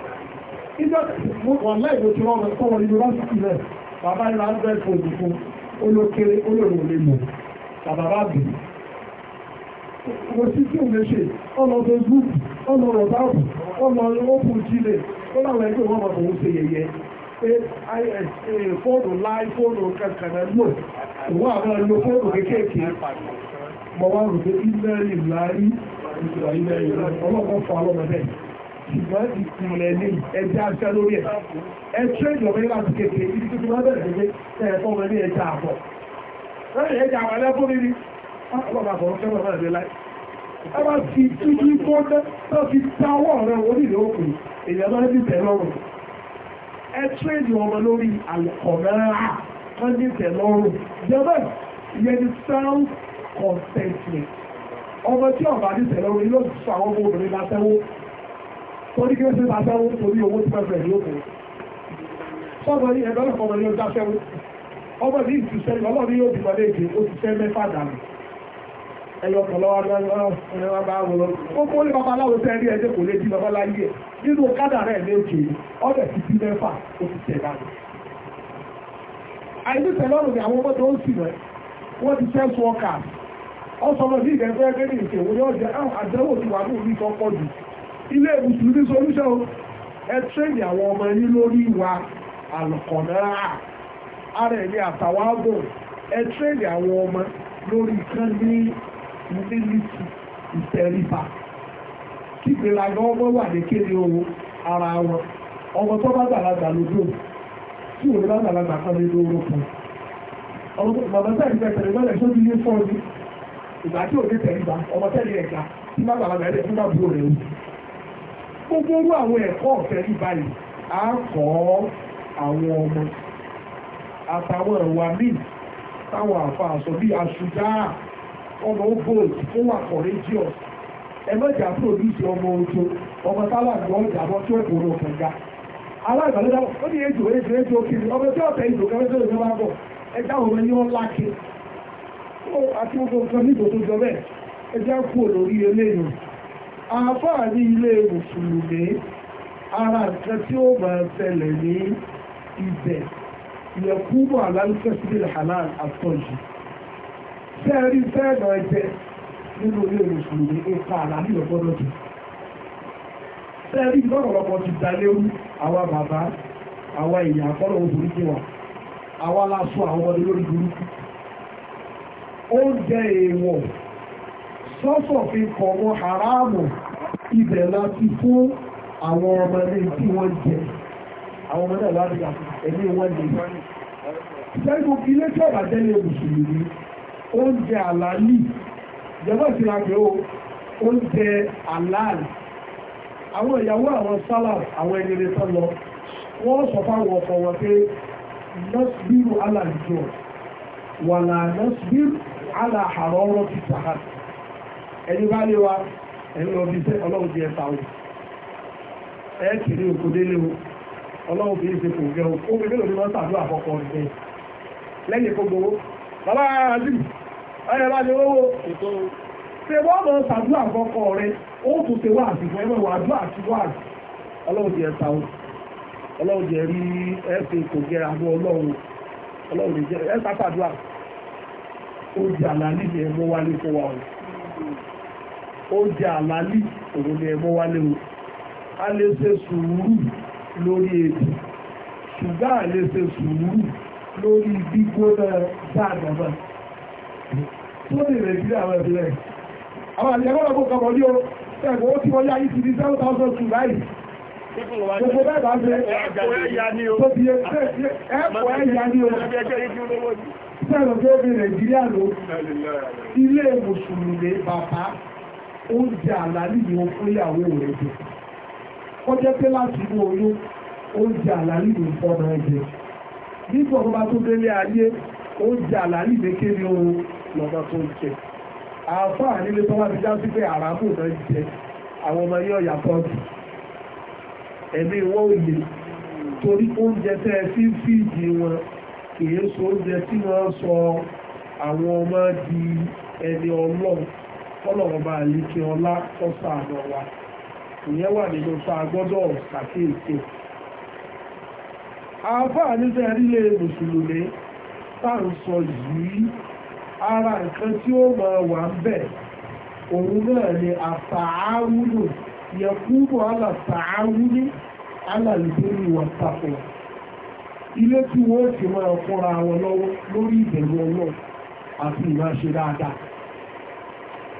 Mo sí tí ò lè ṣe, ọlọ Facebook, ọlọ WhatsApp, ọlọ open Chile, ó láwọn ẹgbẹ́ wọn bàbá òun ṣe yẹyẹ. AIS fóònù láì fóònù kankanáà lò, ìwọ àwọn ẹlò fóònù kéékèèké mọ̀ wá rò pé ilẹ̀ ìlàrí ìlàrí ọlọ́pọ̀ fún alọ́mọdé ṣùgbọ́n ìpìlẹ̀ ní ẹja aṣẹ́ lórí ẹ̀ ẹ tẹ́ ìjọba láti kékeré ibi tó ti wá bẹ̀rẹ̀ pé tẹ́ẹ̀ fọ́ wọn ní ẹja àpọ̀ lẹ́yìn ẹja àwọn ẹlẹ́fún mi ni ọlọ́pàá kọ̀ ọ́kẹ́ bàbá rẹ̀ láì ẹ bá fi tújú ọmọ tí ọba ní tẹ̀ lọ́rùn ló àwọn ọmọ obìnrin látẹ́wọ́ torí kí ó ṣe máa sẹ́wọ́ torí owó tí wọ́n bẹ̀rẹ̀ lókun sọ́dọ̀ ní ẹ̀dọ́ lọ́kọ̀ ọmọ ní ó dáṣẹ́wọ́ ọmọ ní ìtúṣẹ́ ọlọ́run yóò dìbò léèké ó ti ṣẹ́ mẹ́fà dànù ẹyọ kan lọ́wọ́ lọ́wọ́ bá wọ́n lọ ó kó lè bàbá aláwọ̀ sẹ́rí ẹ̀dẹ́ kò lè di bàbá láyé nínú kádà rẹ̀ léèké ọbẹ̀ ti di mẹ́fà ó ti ṣẹ̀ dànù àìsíṣẹ́ lọ́rùn ni àwọn ọmọ tó ń sì rẹ̀ wọ́n ti ṣẹ́ sọ ọkà ọ̀sọ̀rọ̀ ní ìdẹ́gbẹ́gbẹ́ ní ìṣèwò yóò jẹ́ àdánwò ti wà ní orí tó pọ̀ jù ilé mùsùlùmí solution ẹ tírẹ̀nì àwọn ọmọ yín lórí ìwà àlùkọ̀náà ara ẹ̀mí àtàwábọ̀ ẹ tírẹ̀nì àwọn ọmọ lórí ìkan ní humility ìtẹríba kígbéraga ọmọ wà ní kéde owó ara wọn ọmọ tó bá gbàlagbà lójú tí òun bá gbàlagbà kan lójú orúkọ ọmọ bàbá sáà ìgbà tẹ̀lé mọ́lẹ̀ tó ti lé fọ́ọ̀dù ìgbà tí òde tẹ̀lé bá gbogbo orú àwọn ẹ̀kọ́ ọ̀fẹ́ ní báyìí á kọ́ àwọn ọmọ àtàwọn ẹ̀wà míì táwọn àfa àṣọ bíi aṣùjá ọmọ ogold tó wà courageous ẹ̀mẹ́jà produce ọmọ ojo ọmọ tálàgbọ́ ìjàbọ̀ tó ìgboro kẹga aláìbàlẹ́dà ó ní èjò èjò èjò kiri ọmọ tí ọ̀tẹ̀ ìjò kẹfẹ́ tó lè máa bọ̀ ẹgbẹ́ àwọn ọmọ ní wọ́n àti gbogbo nǹkan nígbò tó jọ bẹ́ẹ̀ ẹgbẹ́ kú olórí eléyìí àfáàrí ilé mùsùlùmí ara nǹkan tí ó máa tẹ̀lẹ̀ ní ibẹ̀ yẹ̀kúbọ̀ aláìsẹ̀sílẹ̀ halal àtọ́jù sẹ́ẹ̀rí sẹ́ẹ̀nà ẹ̀jẹ̀ nínú ilé mùsùlùmí ipa àlàní ọgbọ́dọ̀ jù sẹ́ẹ̀rí lọ́pọ̀lọpọ̀ ti dalérú àwa bàbá àwa ìyá àkọ́lọ̀ obìnrin jẹ́ wa àwa lásọ àwọn ọmọdé lórí burúkú oúnjẹ èèwọ̀ sọ́sọ̀fin kọ̀ọ̀mọ́ haramu ibẹ̀ láti fún àwọn ọmọdé tí wọ́n jẹ àwọn ọmọdé láti ẹ̀mí wọ́n lè sẹ́gun ilé tí ọ̀rọ̀ àjẹ́lẹ̀ mùsùlùmí oúnjẹ àlàálì ìjọba ìsinmi àgbẹ̀ o oúnjẹ àlàálì àwọn ìyàwó àwọn sálà àwọn ẹnìyẹn tán lọ wọ́n sọ fáwọn ọkọ wọn pé ẹni bá lé wa ẹni lọ ọlọ́run o kiri òkú délé o ọlọ́run fi kò gẹ o ó fi àkọ́kọ́ lẹ́yìn kó gbowó bàbá àdìm bá lè owó ṣe wọ́n àkọ́kọ́ ó tún ṣe wá wà àti ọlọ́run o ọlọ́run jẹ́ rí ẹ̀fẹ́ kò gẹ́ra mú ọlọ́run ọlọ́run jẹ́ ó di àlàlí oúnjẹ àlálì òun ni ẹmọ́ wálé o a lè ṣe sùúrù lórí èdè ṣùgbọ́n a lè ṣe sùúrù lórí gbígbóná sáàdàmà tó lè rẹ̀ sílẹ̀ àwọn ìbílẹ̀ àwọn àjẹmọ́ ọgbọ́n kan wọlé o ẹ̀kọ́ ó ti wọlé ayé ti di seven thousand two báyìí gbogbo bẹ́ẹ̀ bá fẹ́ ẹ̀kọ́ ẹ̀yà ni o ẹ̀kọ́ ẹ̀yà ni o sẹ́ẹ̀lọ́ tó bí nàìjíríà ló ilé mùsùlùmí bàbá oúnjẹ àlàlì ni wọ́n fún ìyàwó rẹ̀ jẹ ó jẹ́ pé láti inú oyún oúnjẹ àlàlì ni fọ́nà ẹ̀jẹ̀ nígbà tó bá tó délé ayé oúnjẹ àlàlì lékè ní oorun lọ́dọ̀ tó ń jẹ àáfàá nílé tó bá ti já sí pé àràmù náà jẹ àwọn ọmọ yóò yàtọ̀ jù ẹ̀mí wọ́n ò lè torí oúnjẹ tẹ́ ẹ fi ń fìdí wọn kìí so oúnjẹ tí wọ́n sọ àwọn ọmọ di ẹni ọlọ́run kọ́lọ̀wọ́ bá líkẹ ọlá ọ̀sà àdọ̀ wa ìyẹn wà nínú tá a gbọ́dọ̀ ṣàkíyèsí àáfàá nígbà rílé mùsùlùmí tá sọ yìí ara nǹkan tí ó máa wà ń bẹ̀ òun náà ni àtàáwúlò yẹkúrò alàtàáwúlé alàlùbẹ́rù wà tapọ̀ ilé tí wọ́n ti máa fúnra wọn lọ́wọ́ lórí ìbẹ̀rù àti dáadáa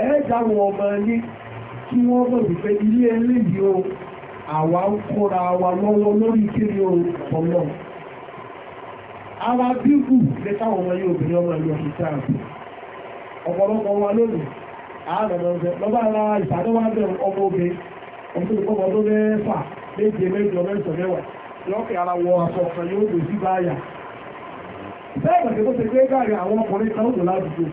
ẹ̀ẹ́dà wọn ọmọ ní kí wọ́n mọ̀ wípé ilé eléyìí o ń wa lọ́wọ́ lórí kiri o ọ̀pọ̀lọ́ ara bíbù lẹ́tà ọmọ yóò obìnrin ọmọ ìlú ọ̀ṣìṣẹ́ àbò ọ̀pọ̀lọpọ̀ wa lónìí àádọ́mọ ọ̀sẹ̀ ara ìsàdọ́wà ọmọ ọmọ tó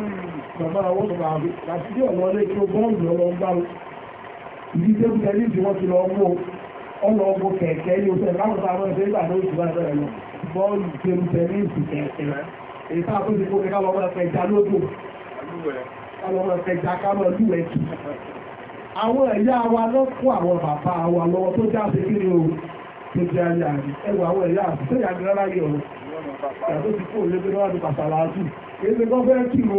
bàbá àwọn ọmọ àbí àti bí ọ̀nà ọlẹ́ tó bọ́ọ̀lù ọlọ ń bá ìdí tó bẹ̀rẹ̀ ní ìdíwọ́n ti lọ mú ọlọ ọgbọ kẹ̀kẹ́ ní oṣù láwùjọ àwọn ẹgbẹ́ ìgbà ló ti bá bẹ̀rẹ̀ lọ bọ́ọ̀lù tó bẹ̀rẹ̀ ní ìsù kẹ̀kẹ́ èyí a tó ti kó kẹ̀kẹ́ lọ́mọ ẹ̀fẹ̀já lódò lọ́mọ ẹ̀fẹ̀já kámọ́ lúwẹ̀ kì àwọn ẹ̀yà wa lọ kó àwọn bàbá wa lọ́wọ́ tó já sí o tó jẹ́ ayé àrí ẹwà àwọn ẹ̀yà àti tó yàgbẹ́ ráyè ọ̀rọ̀ yàtọ̀ ti kó lébẹ́ lọ́wọ́ àti pàtàlá àjù èyí tó gbọ́ fẹ́ kí ni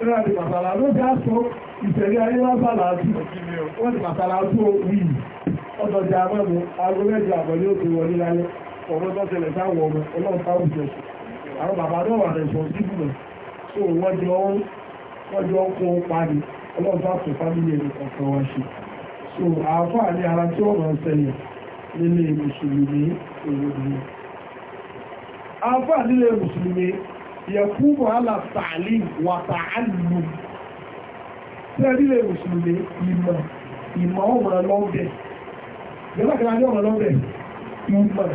Ìrìn àti bàtàlà ló já sọ ìṣẹ̀lẹ̀ ayé wá bàlá àti wọ́n ti bàtàlà tó wí. Ọjọ́ jẹ amẹ́mu, aago mẹ́jọ àbọ̀lé òkè wọlé lálẹ́, ọmọ tó tẹ̀lẹ̀ sáwọn ọmọ ọlọ́run táwọn jẹ. Àwọn bàbá náà wà rẹ̀ sọ sí ìbùnà. So wọ́n jọ wọ́n jọ ń kó parí, ọlọ́run bá tó fámìlì ẹni kọ̀ọ̀kan wá ṣe. So àáfàá ní ara tí wọ́n máa ń sẹ́yìn nílé mùsùlùmí òwò yẹ̀kúmọ̀ alàtàlì wàtàálù tí a nílé mùsùlùmí ìmọ̀ ìmọ̀ ọmọ lọ́bẹ̀ yọ́lákàlá ní ọmọ lọ́bẹ̀ ìmọ̀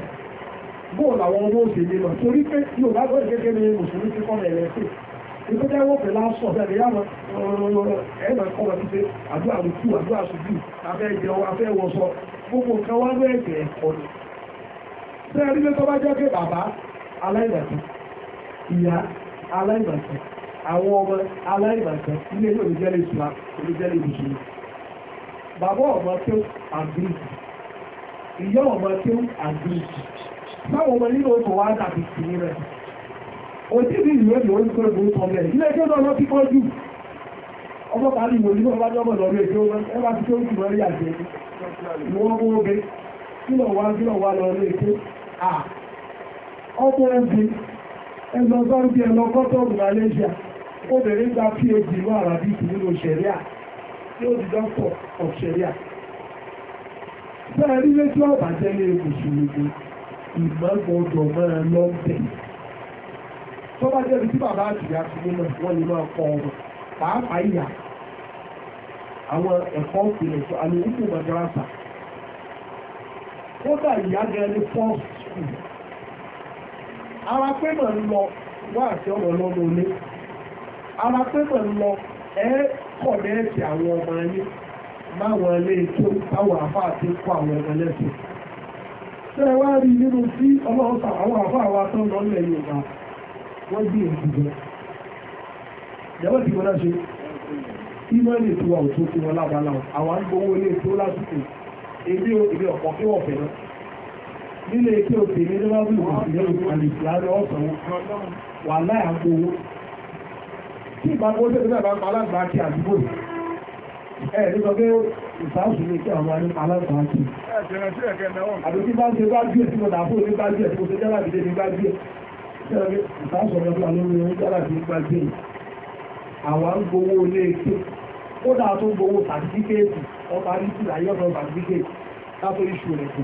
bóò làwọn ọmọ òṣèlú lọ torí pé tí o bá gbọ́ ìgẹ́gẹ́ ní mùsùlùmí ti kọ́nà ẹ̀rẹ́ sí ìpé tẹ́wọ́ pẹ̀ lásọ̀ bẹ̀rẹ̀ yàmọ̀ ẹ̀nà kọ́nà ti pé àdúrà lùkú àdúrà ṣùgbù abẹ́ ìjẹ́ afẹ́ wọṣọ gbogbo nǹkan wá lọ́ ẹ̀jẹ̀ ẹ̀kọ́ ni. Bẹ́ẹ̀ ni pé tó bá jẹ́ pé bàbá aláìlẹ̀kùn ìyá aláìbàtàn àwọn ọmọ aláìbàtàn ilé ilé olùjẹ́lẹ̀ ìṣúra olùjẹ́lẹ̀ ìṣúra bàbá ọmọ tó àgbìrìkì ìyá ọmọ tó àgbìrìkì báwọn ọmọ nínú oṣù wa dàbí sí rẹ̀ òtí bí ìlú èdè orúkọ ìbò ìtọ́lẹ̀ ilé ẹjọ́ náà lọ kíkọ́ jù ọmọ kan ìwò nínú ọba jọmọ lọ rí ẹjọ́ ẹgbà tí ó ń jùmọ̀ rí àjẹ́ ìwọ́n mú oge kílọ̀ wá kílọ̀ wá lọ rí ẹjọ́ ọmọ ẹgbẹ́ ẹlọ́gọ́rùn-ún ẹlọ́gọ́tọ̀rù Malaysia obìnrin gba phd ní arabic nínú sẹ̀ríà tí ó di doctor of sẹ̀ríà bẹ́ẹ̀ rí létí ọ̀bàjẹ́lẹ̀ mùsùlùmí ìmọ̀gbọ̀dọ̀ máa lọ́bẹ̀ tó bá jẹ́ tí bàbá àtìyà ti mú náà wọ́n lè máa kọ ọmọ pàápàá ìyà àwọn ẹ̀kọ́ ìpìlẹ̀ tó alùpùpù madrasa ó bá ìyá gẹ́gẹ́ ní first school ara pé mọ̀ ń lọ wá àti ọmọ lọ́mọ ilé ara pé mọ̀ ń lọ ẹ kọ̀ lẹ́ẹ̀sì àwọn ọmọ ayé máwọn ilé tó táwọn àfá àti kọ àwọn ọmọ lẹ́sìn ṣé ẹ wá rí nínú sí ọlọ́run sà àwọn àfá àwa tó ń lọ nílẹ̀ Yorùbá wọ́n gbé ìdìbò ìyàwó ti gbọ́dá ṣe ìmọ̀ ilé tó wà òtún fún wọn lábàlá àwọn àgbówó ilé tó lásìkò èdè nílé tí ó tèrè lọ́wọ́ ìwọ̀n ìlẹ́rù àlìsìláàrí ọ̀sán wà láàpò owó tí ìpapò ó tẹ́lẹ̀ bá alágbà kí àdúgbò ẹ̀ nígbà pé ìsáàsù ní kí àwọn alágbà kí àdókí bá ń ṣe bá gbé ẹ̀sìn ọ̀dà fún onígbà gbé ẹ̀sìn ọ̀dà jáde ní gbá gbé ìsáàsù ọ̀dà fún àwọn onígbà jáde ní gbá gbé àwọn ń gbowó ilé ètò ó dáa tó ń gbowó sàtífíkèètì ọba ní ìlàyé ọ̀dọ̀ sàtífíkèètì látó ìṣù rẹ̀ kù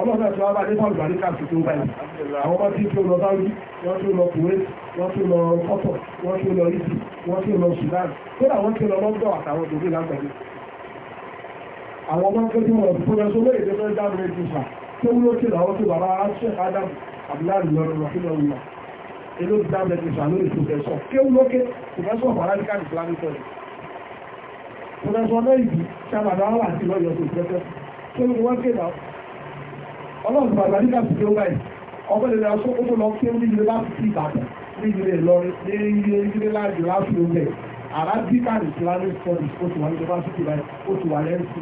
ọlọ́run àti wọ́n bá ní sọ́ọ̀lù àríkà sí tó báyìí àwọn ọmọ tí tí ó lọ báwí wọ́n tí ó lọ kuwait wọ́n tí ó lọ kọ́tọ̀ wọ́n tí ó lọ isi wọ́n tí ó lọ sudan kódà wọ́n tí ó lọ lọ́dọ̀ àtàwọn òdòdó lágbàdì àwọn ọmọ tó tí wọ́n tó lọ sólé èdè tó dá lórí ìjìṣà tó wúlò tí làwọn tó bàbá aṣẹ adam abdullahi lọrọ rahim ọlọ èdè tó dá lórí ìjìṣà lórí professor kéwú lókè professor of american islamic studies professor náà ìbí sábà náà wà sí lọ́yọ̀ tó professor tó ní wọ́n kéde ọlọ́run bàbá nígbà tí ó wáyé ọgbọ́n lè lọ sókó tó lọ kí ó ní ilé bá ti ìbàdàn ní ilé ìlọrin ní ilé ilé láàjò láti oúnjẹ arabican islamic studies ó ti wà ní ìjọba títí báyìí ó ti wà lẹ́sì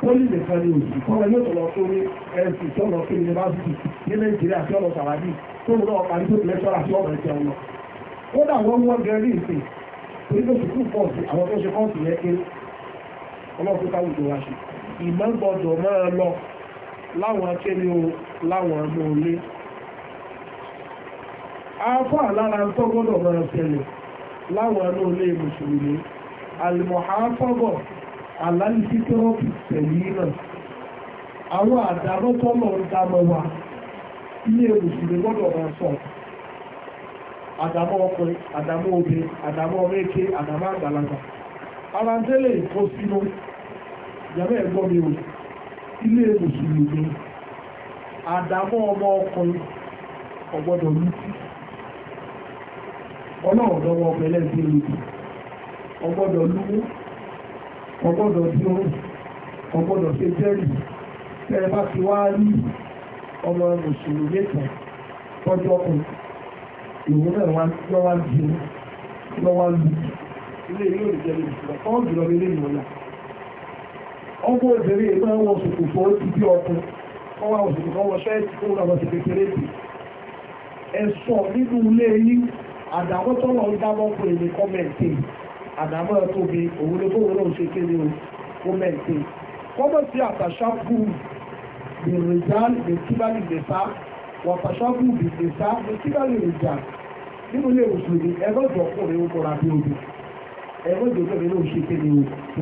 pólì nìkan ni òsì kọ́lá yóò lọ tó ní ẹ̀sì tó lọ sí yunifásitì ní nàìjíríà tí ọlọ sàràbí tó ń lọ parí tó lẹ́tọ́rà tí ọ̀rọ̀ ẹ̀jẹ̀ lọ. kódà wọ́n wọ́n gẹ̀rí ìsìn torí tó sùkúù pọ̀ọ̀sì àwọn tó ṣe pọ̀ọ̀sì yẹn kéré ọlọ́run tó táwùjọ wa ṣe ìmọ̀ gbọ́dọ̀ máa lọ láwọn akéde o láwọn ọmọ olé afọ́ àlára tó gbọ́dọ̀ máa ṣẹlẹ̀ láwọn ọmọ olé mùsùlùmí alìmọ̀háfọ́bọ̀ alálìsítírọ́pì tẹ̀lé náà àwọn àdánọ́tọ́ ń dámọ́ wa ilé mùsùlùmí gbọ́dọ̀ máa sọ àdámọ́ ọkùnrin àdámọ́ obìnrin àdámọ́ àdámọ́ àgbàlagbà ilé mùsùlùmí àdámọ́ ọmọ ọkùnrin ọgbọ́dọ̀ lùtì ọlọ́run lọ́wọ́ ọ̀pẹ̀lẹ̀ sí olùdí ọgbọ́dọ̀ lúwó ọgbọ́dọ̀ tí ó ọgbọ́dọ̀ ṣe jẹ́rì tẹ́rẹ bá ti wá rí ọmọ mùsùlùmí kan tọ́jú ọkùnrin ìwọ náà lọ́wọ́ di lọ́wọ́ lu ilé yóò jẹ́ lọ́wọ́ jùlọ ilé ìwọ̀n náà ọgbọ́n obìnrin ètò ẹwọ́n òṣùpùpù ó ti bí ọkùn ọwọ́ òṣùpùpù ọwọ́ ṣẹ́ẹ̀tì fún ọmọ ti kékeré tì ẹ̀sọ́ nínú ilé yìí àdàmọ́ tọ́lọ̀ ń dámọ́ pé èmi kọ́mẹ̀ǹtì àdàmọ́ tóbi òun ló fóun náà ṣe kéde o kọ́mẹ̀ǹtì kọ́mẹ̀ǹtì àtàṣà kù bèrèjà lèkíbálì lèsá wàtàṣà kù bèrèjà lèkíbálì lèjà nínú ilé mùsùlùmí ẹgbẹ́ ìjọkùnrin ó kọ́ra bí obì ẹgbẹ́ ìjọkùnrin náà ṣe kéde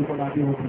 o kọ́ra bí obì.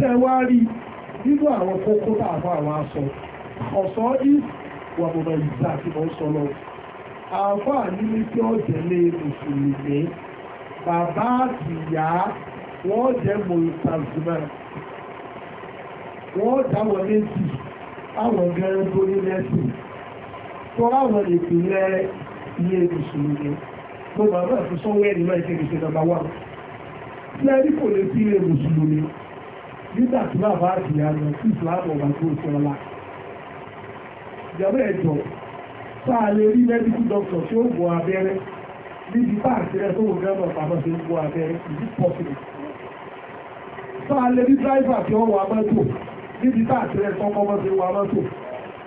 tẹ́ wá rí nínú àwọn kókó tààfà àwọn aṣọ ọ̀sọ́ ìwàbọ̀bọ̀ ìgbà àti ọ̀sọ̀lọ́ àfà nínú tí ó jẹ́lé mùsùlùmí bàbá àti ìyá wọ́n jẹ́ mọ̀lùtàzùmá wọ́n dáwọ̀ méjì àwọn gẹ́rẹ́ tó ní lẹ́sìn tó láwọn ìpínlẹ̀ ilé mùsùlùmí gbogbo àwọn àfisọ́wọ́ ẹ̀rìnlẹ́ ìṣẹ́gbẹ̀ṣẹ́ nàbà wà tí a rí kò lè sí ilé mùsùlùmí nígbà tí bàbá àti ìyá lọ sí ìsìláàmù ọba tó ṣe ọlá ìjọba ẹ̀jọ̀ sáà lè rí mẹ́díkù dọ́kítọ̀ tí ó gbọ́ abẹ́rẹ́ níbi páàkì rẹ̀ tó wò gẹ́gẹ́ pàmọ́ sí gbọ́ abẹ́rẹ́ ìdí pọ́sìlì sáà lè rí dráìvà tí ó wà mọ́tò níbi páàkì rẹ̀ tó kọ́ mọ́tò wà mọ́tò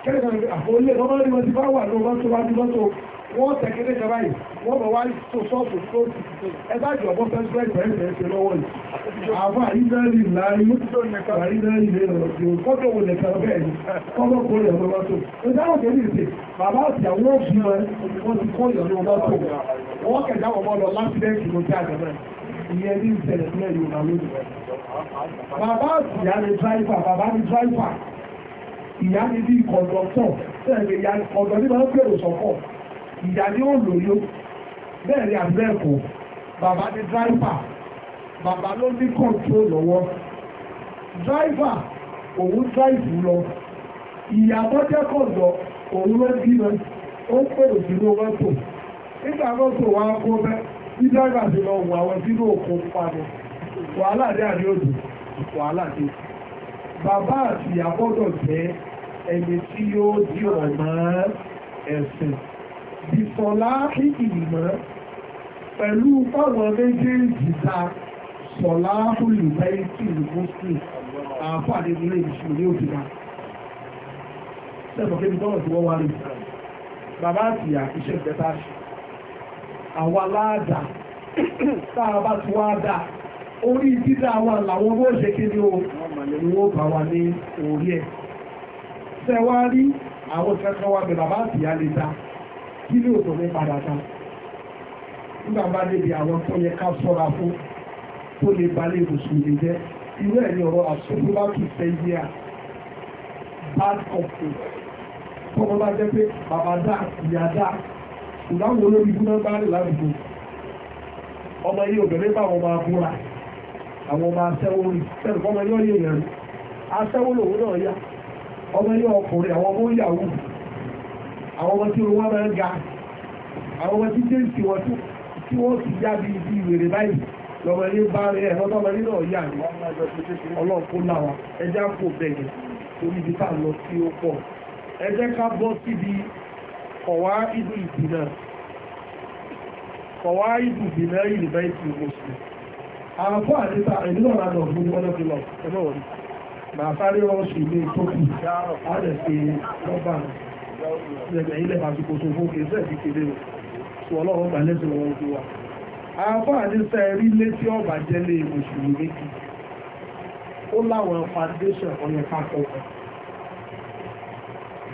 kẹ́lẹ́kọ̀ọ́ àfọwọ́lé ah, ọmọ rí wọn ti bá wà lọ́wọ́ tó wá ní mọ́tò wọ́n tẹ̀kẹ́lẹ́ jọba yìí wọ́n bọ̀ wá tó sọ́ọ̀tù tó ẹgbàjì ọ̀bọ̀ fẹ́sẹ̀lẹ̀ pẹ̀lú ẹ̀ṣẹ̀ lọ́wọ́ yìí àwọn àìdáàlì láàrin àìdáàlì lẹ́rọ̀ kọ́tọ̀ wò lẹ̀ tẹ̀lẹ̀ bẹ́ẹ̀ ni kọ́lọ́ kó lẹ̀ lọ́wọ́ tó ìdáwọ̀ tẹ̀lé ìṣe bàbá àti àwọn òbí wọn wọ́n ti kọ́ ìyọ̀ lọ́wọ́ tó wọ́n kẹ̀dá wọ́n mọ́ lọ láfídẹ́ǹtì mo ti àgbẹ̀ ìyẹn ní ìṣẹ̀lẹ̀ sílẹ̀ Yorùbá lónìí bàbá àti ìyá ni dráìfà bàbá ni dráìfà ìyá ni bí kọ̀dọ̀tọ̀ sẹ́ẹ̀lẹ̀ ìyá kọ̀dọ̀ ní máa ń gbèrò sọ́kọ̀ ìyá ní ó lóyó bẹ́ẹ̀ ni àbẹ́ẹ̀kọ́ bàbá ni dráìfà bàbá ló ní kọ̀ǹtró lọ́wọ́ dráìfà òun dráìfù lọ ìyá tó jẹ́ kọ̀ǹdọ̀ òun ló bímọ ó ń pèrò sínú mọ́tò nígbà mọ́tò wa kó bẹ́ bí dráìfà ti lọ wọ àwọn sínú òkun panu wàhálà dé àrí òdò wàhálà dé bàbá àti ìyá gbọ́dọ̀ jẹ́ ẹni tí yóò di ọ̀mọ́ ẹ̀sìn ìsọ̀lá ìgbìmọ̀ pẹ̀lú fáwọn méjèèjì ta sọ̀lá olùfẹ́ ìtì ìlúgbòsì àfáàdé ilé ìṣòro ní òkúta sẹ́bọ̀ kébí tọ́rọ̀ tí wọ́n wá lè bàbá àtìyà iṣẹ́ ìjẹta ṣe àwa láàdà táà bá ti wá dà orí dídá wa làwọn bó ṣe kí ni ó wọ́n bá wa ní orí ẹ̀ sẹ́wárí àwọn kẹ́kọ̀ọ́ wa bẹ̀ bàbá àtìyà lè dáa nílé òtò ní padà tán nígbà bá débi àwọn tó yẹ ká fún tó lè balẹ̀ mùsùlùmí jẹ́ irú ẹ̀ ní ọ̀rọ̀ àṣọ́lùmọ́tò sẹ́yìá bad company tó bá jẹ́ pé bàbá dá ìyá dá ìdáhùn olórí bá ọmọ yìí obìnrin bá wọn máa búra àwọn ọmọ rí sẹ́nu àwọn ọmọ tí wọ́n máa ń ga àwọn ọmọ tí jẹ́ǹsì wọn tí wọ́n ti já bí ibi ìwèrè báyìí lọ́mọ ilé bá rẹ̀ ẹ̀rọ tọ́mọ nínú ọ̀yà ni ọlọ́run kó láwa ẹjá kò bẹ̀yẹ̀ torí ibi tá à ń lọ sí ó pọ̀ ẹ jẹ́ ká bọ́ síbi kọ̀wá ìlú ìdìnà kọ̀wá ìlú ìdìnà ìlúbẹ́ ìlú oṣù àwọn àdíta ìlú ọ̀rọ̀ àdọ̀ fún ọdọ́ fi lọ ẹgbẹ́ wọ̀nyí màá sáré wọn ṣe ilé tó kù á lè ṣe lọ́bàá ẹgbẹ̀ ilẹ̀ àsìkò tó fún kèsẹ̀ ti kéré rẹ̀ tí ọlọ́run gbà lẹ́sẹ̀ wọn ojú wa àáfàá ní sẹ́ẹ̀rí létí ọ̀bà jẹ́lé mùsùlùmí kì ó láwọn foundation ọyẹ kákọ̀ọ́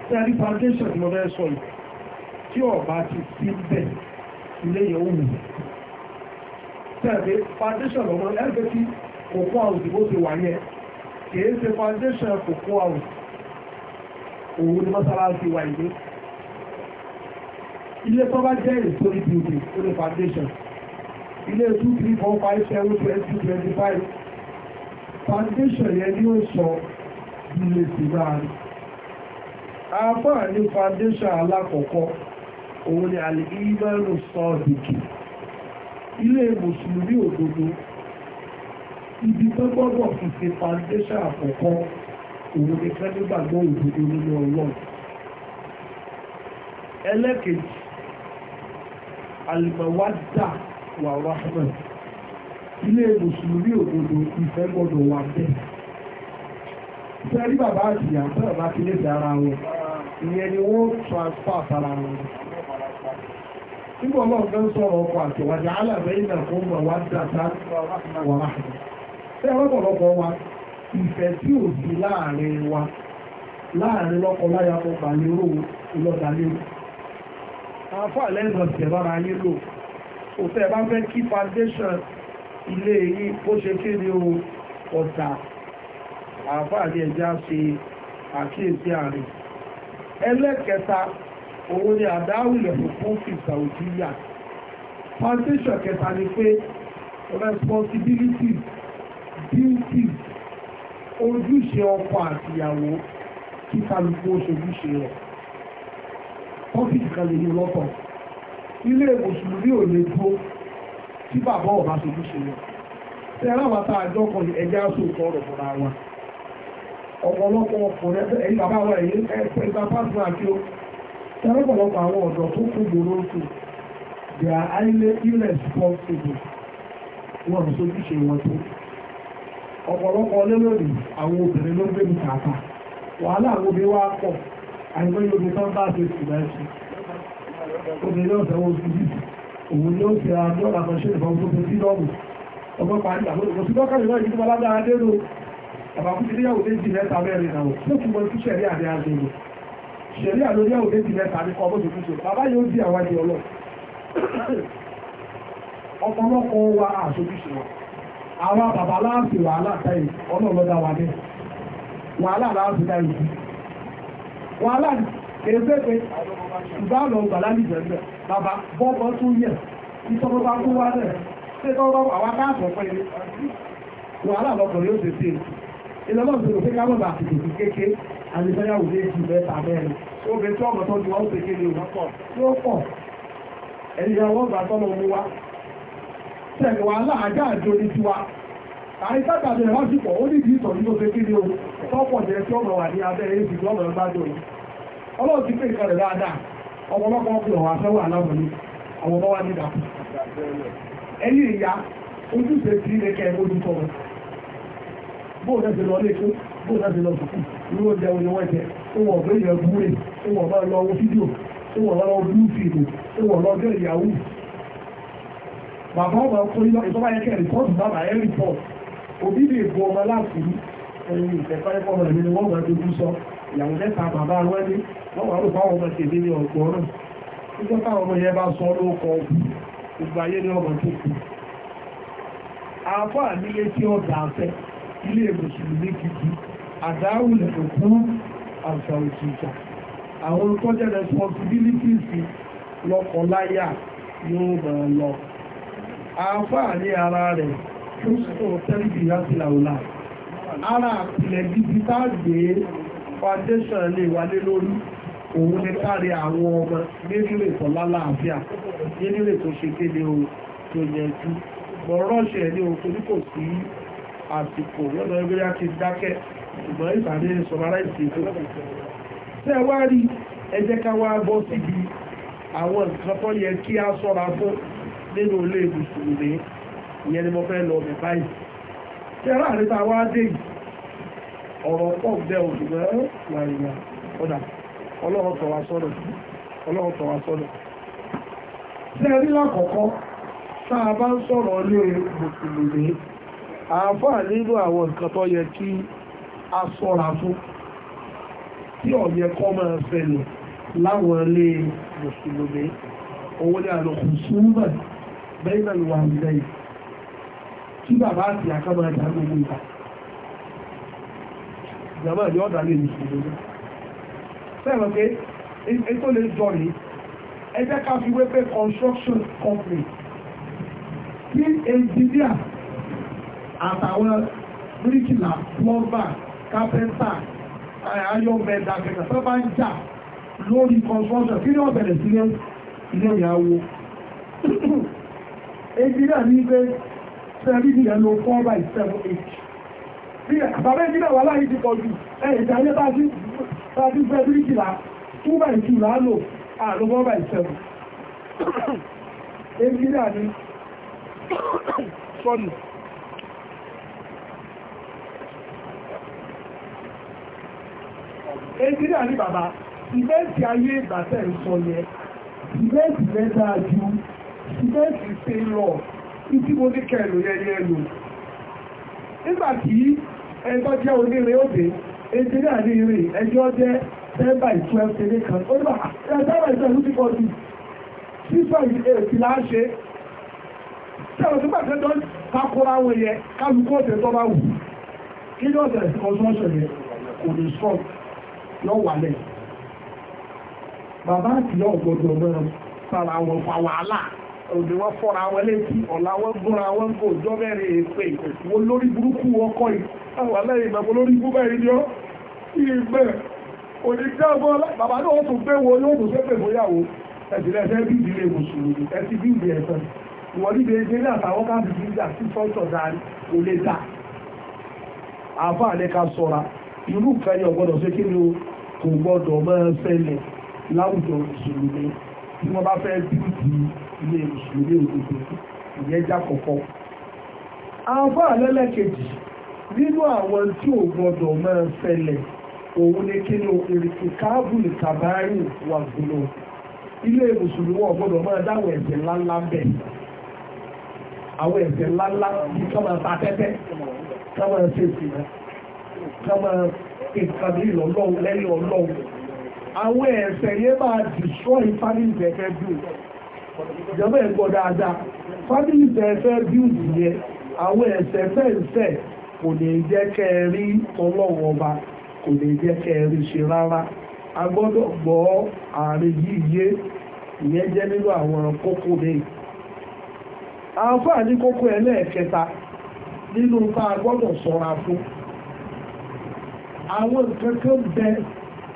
sẹ́ẹ̀rí foundation ni mo fẹ́ sọ yìí tí ọ̀bà ti sí bẹ̀ ilé yẹn ó wù sẹ́ẹ̀rí foundation ọmọ ẹgbẹ́ tí kòkó àwùjọ bó ti wà yẹn kì í òun ni mọ́sálásí wa ìlú ilé tó bá jẹ́ ìsorí building ó ní foundation ilé 2 3 4 5 7 20 25 foundation yẹn ni ó sọ ilé sí máa rí àfáà ní foundation alákọ̀ọ́kọ́ òun ni alìmọ́nù sọ́ọ̀dìkì ilé mùsùlùmí òdodo ibi tó gbọ́dọ̀ fi ṣe foundation àkọ́kọ́ òun ní ká nígbàgbọ́ òdodo nínú ọlọ́run ẹlẹ́kejì alìmọ̀wádà wà ráhùnà ilé mùsùlùmí òdodo ìfẹ́ gbọ́dọ̀ wà bẹ́ẹ̀ sẹ́rí bàbá àtìyà sọ́rọ̀ bá fi léde ara wọn ìyẹn ni wọ́n transfer sára wọn nígbà ọlọ́run kan sọ̀rọ̀ ọkọ̀ àti wàjà alàbẹ́yìn náà fún mọ̀wádà tá wà ráhùnà sẹ́rí ọ̀pọ̀lọpọ̀ wa ìfẹ́ tí ò sí láàrin wa láàrin lọ́kọ̀ láyà kọ gbàlérò ìlọ́gbàlérò afọ́ àlẹ́nà tẹ̀bára ayé lò òfẹ́ bá fẹ́ kí foundation ilé yìí ó ṣe kéde o ọ̀tà àfọ́ àlẹ́ ẹja ṣe àkíyèsí àárín ẹlẹ́kẹta òun ni àdáwìlẹ̀ fún fìsà òjìyà foundation kẹta ni pé responsibilities duties ojúṣe ọkọ àtìyàwó kí kálukú ó ṣojúṣe rẹ̀ tọ́pìtì kan lè ní lọ́tọ̀ ilé mùsùlùmí ò lè dúró tí bàbá ọ̀bá ṣojúṣe rẹ̀ tẹ́ aláwọ̀ tá àjọ kan ní ẹja sóòtọ́ ọ̀rọ̀ fúnra wa ọ̀pọ̀lọpọ̀ ọkùnrin ẹ̀yìn bàbá wa ẹ̀yìn ẹ̀pẹ́ ìtàpásùn àti ó tẹ́lọ́pọ̀lọpọ̀ àwọn ọ̀dọ́ tó kú gbòòrò tó they are highly irresponsible wọn ò ṣojúṣe wọn tó ọ̀pọ̀lọpọ̀ lélòrì àwọn obìnrin ló gbé ní kàkà wàhálà àwọn obìnrin wá pọ̀ àìmọ́ yóò tán bá ṣe sì lẹ́sì obìnrin náà tẹ́wọ́ sí bí òun ni ó ti ra ní ọ̀nà àmọ́ṣẹ́ ìfọ́n tó fi sí lọ́rùn ọgbọ́n parí àwọn òṣù lọ́kàlẹ̀ náà yìí tó bá dára dérò àbàkútí níyàwó méjì mẹ́ta mẹ́rin àwọn tó kù mọ́ sí ṣẹ̀rí àdé àdéhùn ṣẹ̀rí àlóníyàwó méjì mẹ́ta ní kọ́ bóṣe yóò di àwọn ọ̀pọ̀lọpọ̀ wa àṣojúṣe wọn àwọn bàbá láàfin wàhálà táyì ọlọ́ọ̀lọ́dá wà ní wàhálà láàfin táyì wàhálà ẹgbẹ́gbẹ́ ìbálò gbàlálì jẹ́gbẹ́ bàbá bọ́bọ́ tún yẹ̀ ìtọ́bọ́ kú wá rẹ̀ ṣé tọ́bọ́ àwọn tẹ̀lẹ̀ wà láàájá àjò ní tiwa àìsàtà bẹ̀rẹ̀ lásìkò ó ní n'ofe ní oṣù kí ni o tọ́pọ̀ jẹ́ tí ọmọ wà ní abẹ́ èsì tí ọmọ yìí ọlọ́run ti ìkọlẹ̀ dáadáa àwọn ọmọ wa ní ìyá ojúṣe kẹ́ náà ti lọ náà ti lọ sùkú ni wọ́n jẹ ọ̀gbẹ́ ọ̀gbẹ́ bàbá ọmọ ọkọ yín lọ́kọ̀ tó bá yẹ kẹ́ rìpọ́ọ̀tù bàbá ẹ̀ rìpọ́ọ̀tù òbí lè bu ọmọ láti rí ẹni ìfẹ́fẹ́ ọmọ ẹ̀mí ni wọ́n bá dojú sọ ìyàwó mẹ́ta bàbá wọn ní wọ́n wà lópa ọmọ tèmi ní ọ̀gbọ́n náà nígbà táwọn ọmọ yẹn bá sọ lóko gbogbo ayé ní ọmọ tó kù àbọ̀ àníyé tí ó dà fẹ́ ilé mùsùlùmí gidi àdáwùlẹ̀ òkú àṣàòjìjà àwọn olùkọ́jẹ́ responsibilities lọ́kọ̀ọ́láyà yóò máa lọ àáfàá ní ara rẹ̀ fúnṣọ́ tẹ́lifì láti làwùlà ara àpilẹ̀ bíbí tá gbé foundation lè wálé lórí òun ní kárí àwọn ọmọ nílé tó lálàáfíà nílé tó ṣe kéde o tó yẹjú mọ̀rọ́ṣẹ̀ ní oṣù tí kò sí àsìkò lọ́dọ̀ ẹgbẹ́ yá ti dákẹ́ ṣùgbọ́n ìpàdé sọmọ́rá ìṣètò tí wá rí ẹ ká wá bọ́ síbi àwọn nǹkan yẹ kí á sọ́ra fún nínú ilé mùsùlùmí ìyẹn ni mo fẹ́ lọ bẹ̀ báyìí ṣe láàrin tá a wá dé yìí ọ̀rọ̀ pọ̀ bẹ́ òṣùgbọ́n láàrin ọ̀dà ọlọ́run tọ̀ wá sọ́dọ̀ ọlọ́run rí lákọ̀ọ́kọ́ tá a bá ń sọ̀rọ̀ ilé mùsùlùmí àáfàá nínú àwọn nǹkan tó bẹ́ẹ̀nà ìwà ìrẹ́ kí bàbá àti àkọ́mọ̀ ẹ̀dà gbogbo ìgbà ìjọba ìlú ọ̀dà lè ní ìṣòro sẹ́rọ pé ètò lè jọ rí ẹ jẹ́ ká fi wépé construction company tí engineer àtàwọn bíríkìlà plumber carpenter ayọ́mẹ́dà kẹta tó bá ń jà lórí construction kí ni ọ̀bẹ̀rẹ̀ sílẹ̀ ilé ìyàwó Nigeria ní pé sẹ́rí ní ẹnu 4 by 7 8 bàbá Nigeria wà láyé ti pọ̀jù ẹ̀yẹ̀ ìdáyé bá ti fẹ́ bíríkìlá 2 by 2 lálò àlò 4 by 7 ìbẹ́ẹ̀sì ayé ìgbàtẹ̀ ìsọ̀yẹ ìbẹ́ẹ̀sì mẹ́ta bẹ́ẹ̀sì ṣe lọ títí mo ní kẹlù yẹyẹ lò nígbàtí ẹjọ́ jẹ́ onírè òde èdè náà ní ìrè ẹjọ́ jẹ́ sẹ́mbà ìtúwẹ́ ṣeré kan ó nígbà sẹ́mbà ìtúwẹ́ ló ti kọ́ sí sísọ èsì là ń ṣe sẹ́wọ̀n tó gbàgbé tó takora wọn yẹ kálukú ọ̀sẹ̀ tó bá wù kí ní ọ̀sẹ̀ ìkọ̀sọ́ọ̀sẹ̀ yẹ kò ní sọ yọ wàlẹ̀ bàbá àti yọ ọ̀gbọ̀dọ̀ náà fara wọn fa wàhálà òdì wọn fọ́ra wọn létí ọ̀la wọn gúnra wọn kò jọ mẹ́rin èpè wọn lórí burúkú ọkọ yìí àwọn alẹ́yìn ìgbàgbọ́ lórí ibú bẹ́ẹ̀ ni ọ́ ìgbẹ́ onígbàgbọ́ e. bàbá náà tún pé wo yóò tún pépè bóyáwó ẹ̀sìn ẹ̀sẹ̀ bí ìdílé mùsùlùmí ẹ̀sì bí ìdí ẹ̀sẹ̀ ìwọ̀n níbi ẹgbẹ́ ní àtàwọn káàdì sí ìjà sí sọ́ọ̀tọ̀ dáa kò lè dà àáfàá ní ká sọ́ra irú kan ní ọ̀gbọ́dọ̀ sí kí ni kò gbọ́dọ̀ máa ń ṣẹlẹ̀ láwùjọ mùsùlùmí tí wọ́n bá fẹ́ bíìdì ilé ìṣòro òdodo ìyẹn já kọ̀kọ́. àwọn alẹ́lẹ́kejì nínú àwọn tí ò gbọdọ̀ máa ṣẹlẹ̀ òun ni kí ni èrìkì káàbùlì kàbáyé wà gbọ́dọ̀ ilé mùsùlùmí wọn gbọ́dọ̀ máa dáwọ̀ ẹ̀ṣẹ̀ ńláńlá bẹ̀ àwọn ẹ̀ṣẹ̀ ńláńlá bí kọ́mọ ta tẹ́tẹ́ kọ́mọ ṣe ìsìn náà kọ́mọ ìkàbí ìlọ́lọ́wọ́ lẹ́yìn ọlọ́wọ́ àwọn ẹ̀ṣẹ̀ yé máa destroy family tẹ̀fẹ́ build ìjọba ẹ̀gbọ́ dáadáa family tẹ̀fẹ́ build yẹn àwọn ẹ̀ṣẹ̀ fẹ́ǹsẹ̀ kò lè jẹ́ kẹ́ ẹ rí ọlọ́wọ́ ọba kò lè jẹ́ kẹ́ ẹ rí ṣe rárá a gbọ́dọ̀ gbọ́ ààrẹ yìí yé ìyẹn jẹ́ nínú àwọn kókó lẹ́yìn àáfàá ní kókó ẹlẹ́ẹ̀kẹta nínú bá a gbọ́dọ̀ sọ̀ra fún àwọn kankan bẹ́ẹ̀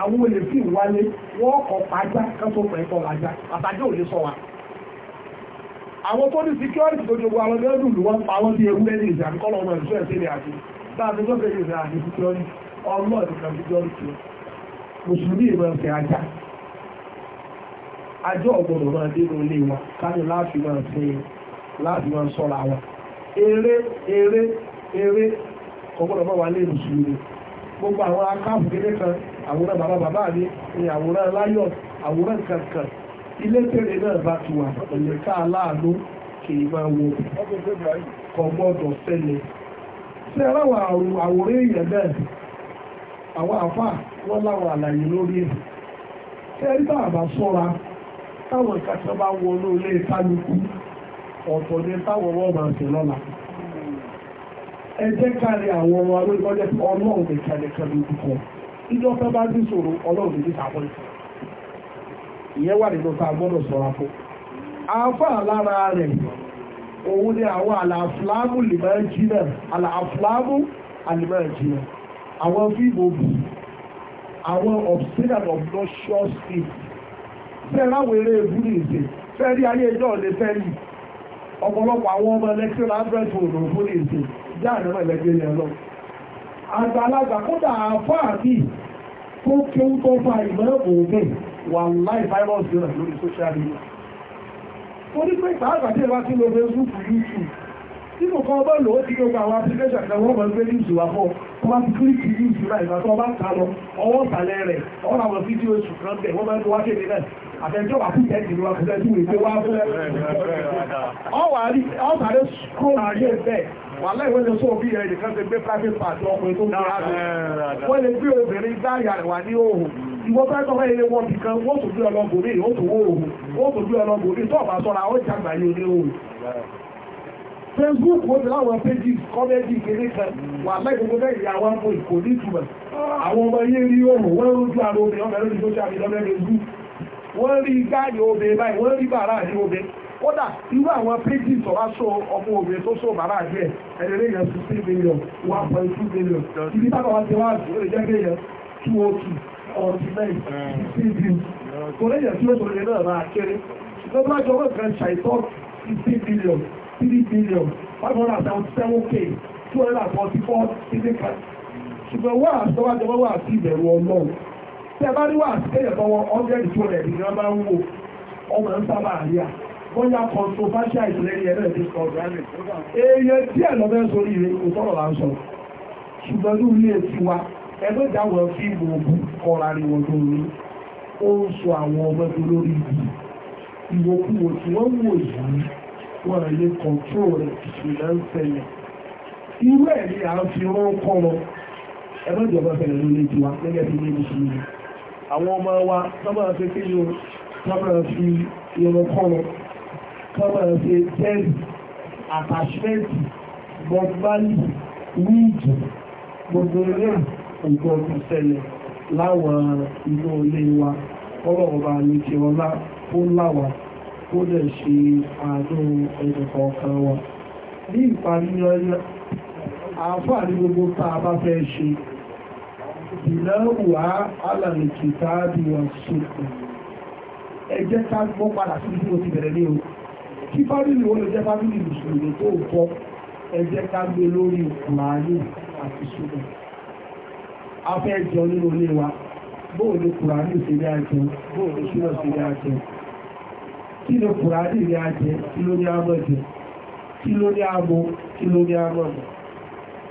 àwọn olè sì wálé wọ́n kọ̀ pàjá kẹ́sọ̀ pẹ̀tọ́ làjá àtàjẹ́ ò lè sọ wa àwọn tó ní security tó jogun àwọn ọdún ìlú wọn pa wọn bí ewúrẹ́ ní ìjà kọ́ lọ́nà ìṣọ́ ẹ̀sẹ̀ ní àti bá a ti tó fẹ́ẹ́ ìṣẹ́ àti security ọlọ́ ìdíkà security mùsùlùmí ìmọ̀ ẹ̀sẹ̀ ajá ajá ọ̀gbọ̀nà máa dé ní ilé wọn káni láti máa ṣe láti máa sọ́ra wọn eré eré eré ọgbọ́dọ̀ máa wà ní mùsùlùmí gbogbo àwọn akáàfù kékeré kan àwòrán bàbá bàbá mi ni àwòrán láyọ̀ àwòrán kankan ilé tèrè náà bá ti wà ọ̀lẹ́ká aláàánú kì í máa wo kò gbọ́dọ̀ sí aláwọ̀ àwòrán èèyàn náà àwọn wọ́n láwọn àlàyé lórí ẹ̀ tẹ́rí bá sọ́ra táwọn ìkàtà bá wọnú ilé ìtàlùkù ọ̀tọ̀ ní táwọn máa lọ́la ẹ jẹ́ àwọn ọmọ alóyún ọjọ́ ọlọ́run nìkan nìkan ìjọ tó bá ní ṣòro ọlọ́run ní sàpọ̀ ìfọ̀ ìyẹn wà nínú ta gbọ́dọ̀ sọ́ra fún afọ́ àlára rẹ̀ òun ni àwọn àlàáfíláàmù lìmọ́ẹ̀jìnà àlàáfíláàmù àlìmọ́ẹ̀jìnà àwọn fíìmù bù àwọn obscene and obnoxious things fẹ́ láwọn eré ebúrú ìsìn fẹ́ rí ayé ìjọ lè fẹ́ rí ọ̀pọ̀lọpọ̀ àwọn ọmọ ẹlẹ́kítírọ̀ adúrẹ́sì òdòdó fún ìsìn jáà náà ẹlẹ́gbẹ̀rẹ̀ lọ́wọ́ àgbàlagbà kódà àfáàbí tó kí ń tó fa ìmọ̀lẹ́kùn ògbè wà láì fáìlọ́sì rẹ̀ lórí social media ó ní pé ìpàágbàtí ẹwà tí lo YouTube tí kò kọ́ ọgbọ́n lòó ti gbogbo àwọn application kan àtẹ́jọ́ wà fún ìtẹ́jì ló wà fún ẹjú ìgbé wá fún ọ̀sàrẹ́ skróòlù ayé ẹ̀fẹ́ wà láìwé lọ sóòbí rẹ̀ nìkan ti gbé private part ọkùnrin tó ń gbé rádùn wọ́n lè gbé obìnrin gbáyà wà ní òhùn ìwọ́n fẹ́ tọ́fẹ́ ilé wọn bì kan wọ́n tó gbé ọlọ́gbòmí ó tó wó òhùn ó tó gbé ọlọ́gbòmí tó ọ̀bá sọ́ra ó jàgbà yóò ní òhùn Facebook ó ti láwọn pages comedy kéré kan wà lẹ́gbẹ̀ẹ́ bẹ́ẹ̀ ìyá wọn kò ní ìtumọ̀ àwọn ọmọ yé rí òhùn wọ́n rújú àrò ní ọmọ ẹ̀rọ ní social media lẹ́gbẹ̀ẹ́ wọ́n rí gáàyè obìnrin báyìí wọ́n rí bàrá àdí obìnrin kódà irú àwọn péjì sọ̀rọ̀ aṣọ ọmọ obìnrin tó sọ bàrá àdí ẹ̀ ẹ̀rẹ́rẹ́ yẹn sixteen million one point two million ibi tábà wá ti wá àti ó lè jẹ́ pé yẹn two oh two or nine sixteen billion. kò lè yẹn tí ó sọ̀rọ̀ yẹn náà máa kéré ṣùgbọ́n bá jọ wọ́n kan ṣàìtọ́ sixteen billion three billion five hundred and seventy k two hundred forty four ṣùgbọ́n wọ́n àtọ́wájọ́ wọ́n wà sí ìbẹ̀rù ọlọ́run tí ẹ bá rí wà sílẹ̀ tọwọ́ hundred two hundred ni wọ́n máa ń wò ọmọ ń sábà rí à bóyá controversial ìṣẹ̀lẹ̀ yẹn náà ti sọ ọ̀gá rẹ̀ èèyàn díẹ̀ lọ́bẹ̀ sórí rẹ̀ kò sọ̀rọ̀ là ń sọ ṣùgbọ́n ní ilé tiwa ẹgbẹ́ ìdáwọn fíìmù ogun kọra ni wọ́n tó rí ó ń sọ àwọn ọmọ tó lórí ibi ìwòkuwò tí wọ́n wò yìí wọ́n lè kọ̀ntró rẹ̀ ìṣẹ̀lẹ̀ ń ṣẹlẹ̀ irú ẹ̀ ni à ń fi rán kọ́ lọ ẹgbẹ́ ìjọba fẹ̀lẹ̀ ló lè tiwa gẹ́gẹ́ bí ilé ìṣẹ̀lẹ̀ àwọn ọmọ wa sábà ṣe kí ni sábà fi irun kọ́rọ̀ sábà ṣe tẹ́ẹ̀sì àtàṣẹ́ẹ̀tì gbọ̀gbálì wíìtì gbogbo ilé nǹkan ìṣẹ̀lẹ̀ láwọn inú ilé wa ọlọ́ọ̀bá ní ti ọlá ó láwà ó lè ṣe àádọ́ ẹ̀dùnkọ̀ọ̀kan wa ní ìparí ọjọ́ àáfàá ní gbogbo tá a bá fẹ́ ṣe ìnáwà alàlèkìtà àdìwà sókò ẹ jẹ́ ká gbọ́ padà sí ibi òtí bẹ̀rẹ̀ ní o kí fábílì wọ́n lè jẹ́ fábílì mùsùlùmí tó kọ́ ẹ jẹ́ ká gbé lórí kùránì àti sókò afẹ́ jọ nínú ilé wa bóò ní kùránì ìṣẹ̀lẹ̀ àjẹ bóò ní ṣúná ìṣẹ̀lẹ̀ àjẹ kí ni kùránì ìṣẹ̀lẹ̀ àjẹ kí ló ní àmọ́ jẹ kí ló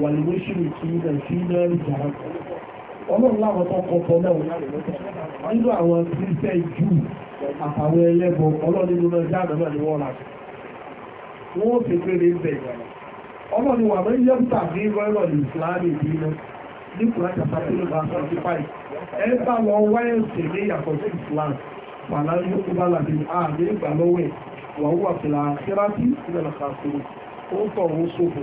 wà lè wéṣìrì kí ní nàìjíríà jàrá ọlọ́run láwọn tó kọ̀ọ̀kọ̀ náà nínú àwọn kírísẹ́ jù àtàwọn ẹlẹ́bọ ọlọ́run nínú jáàmù náà ni wọ́n rà wọ́n ti péré ń bẹ̀ ọlọ́run wà mọ́ yẹ́mùtà ní rọ́rọ̀ ìsìláàmì ìdíná ní kùnà kàtàkùn bá sọ́jú páì ẹ bá wọn wá ẹ̀sẹ̀ ní yàtọ̀ sí islam pàlá yóò kú bá làbí àmì ìgbàlọ́wẹ̀ wà wà fìlà kíráàtì ìlànà kàkùn ó tọ̀ wọ́n sófò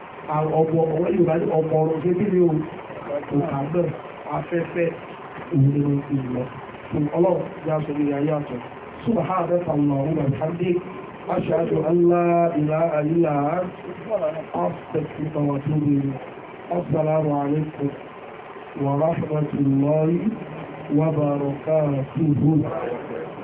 ọ̀pọ̀ ọ̀wọ́ Yorùbá ní ọ̀pọ̀ ọ̀rọ̀ tó kí ni o òkà náà afẹ́fẹ́ òun ìlọ ọlọ́run ya sọ ní ayé àtọ̀ subhanaka allahumma wa bihamdik ashhadu an la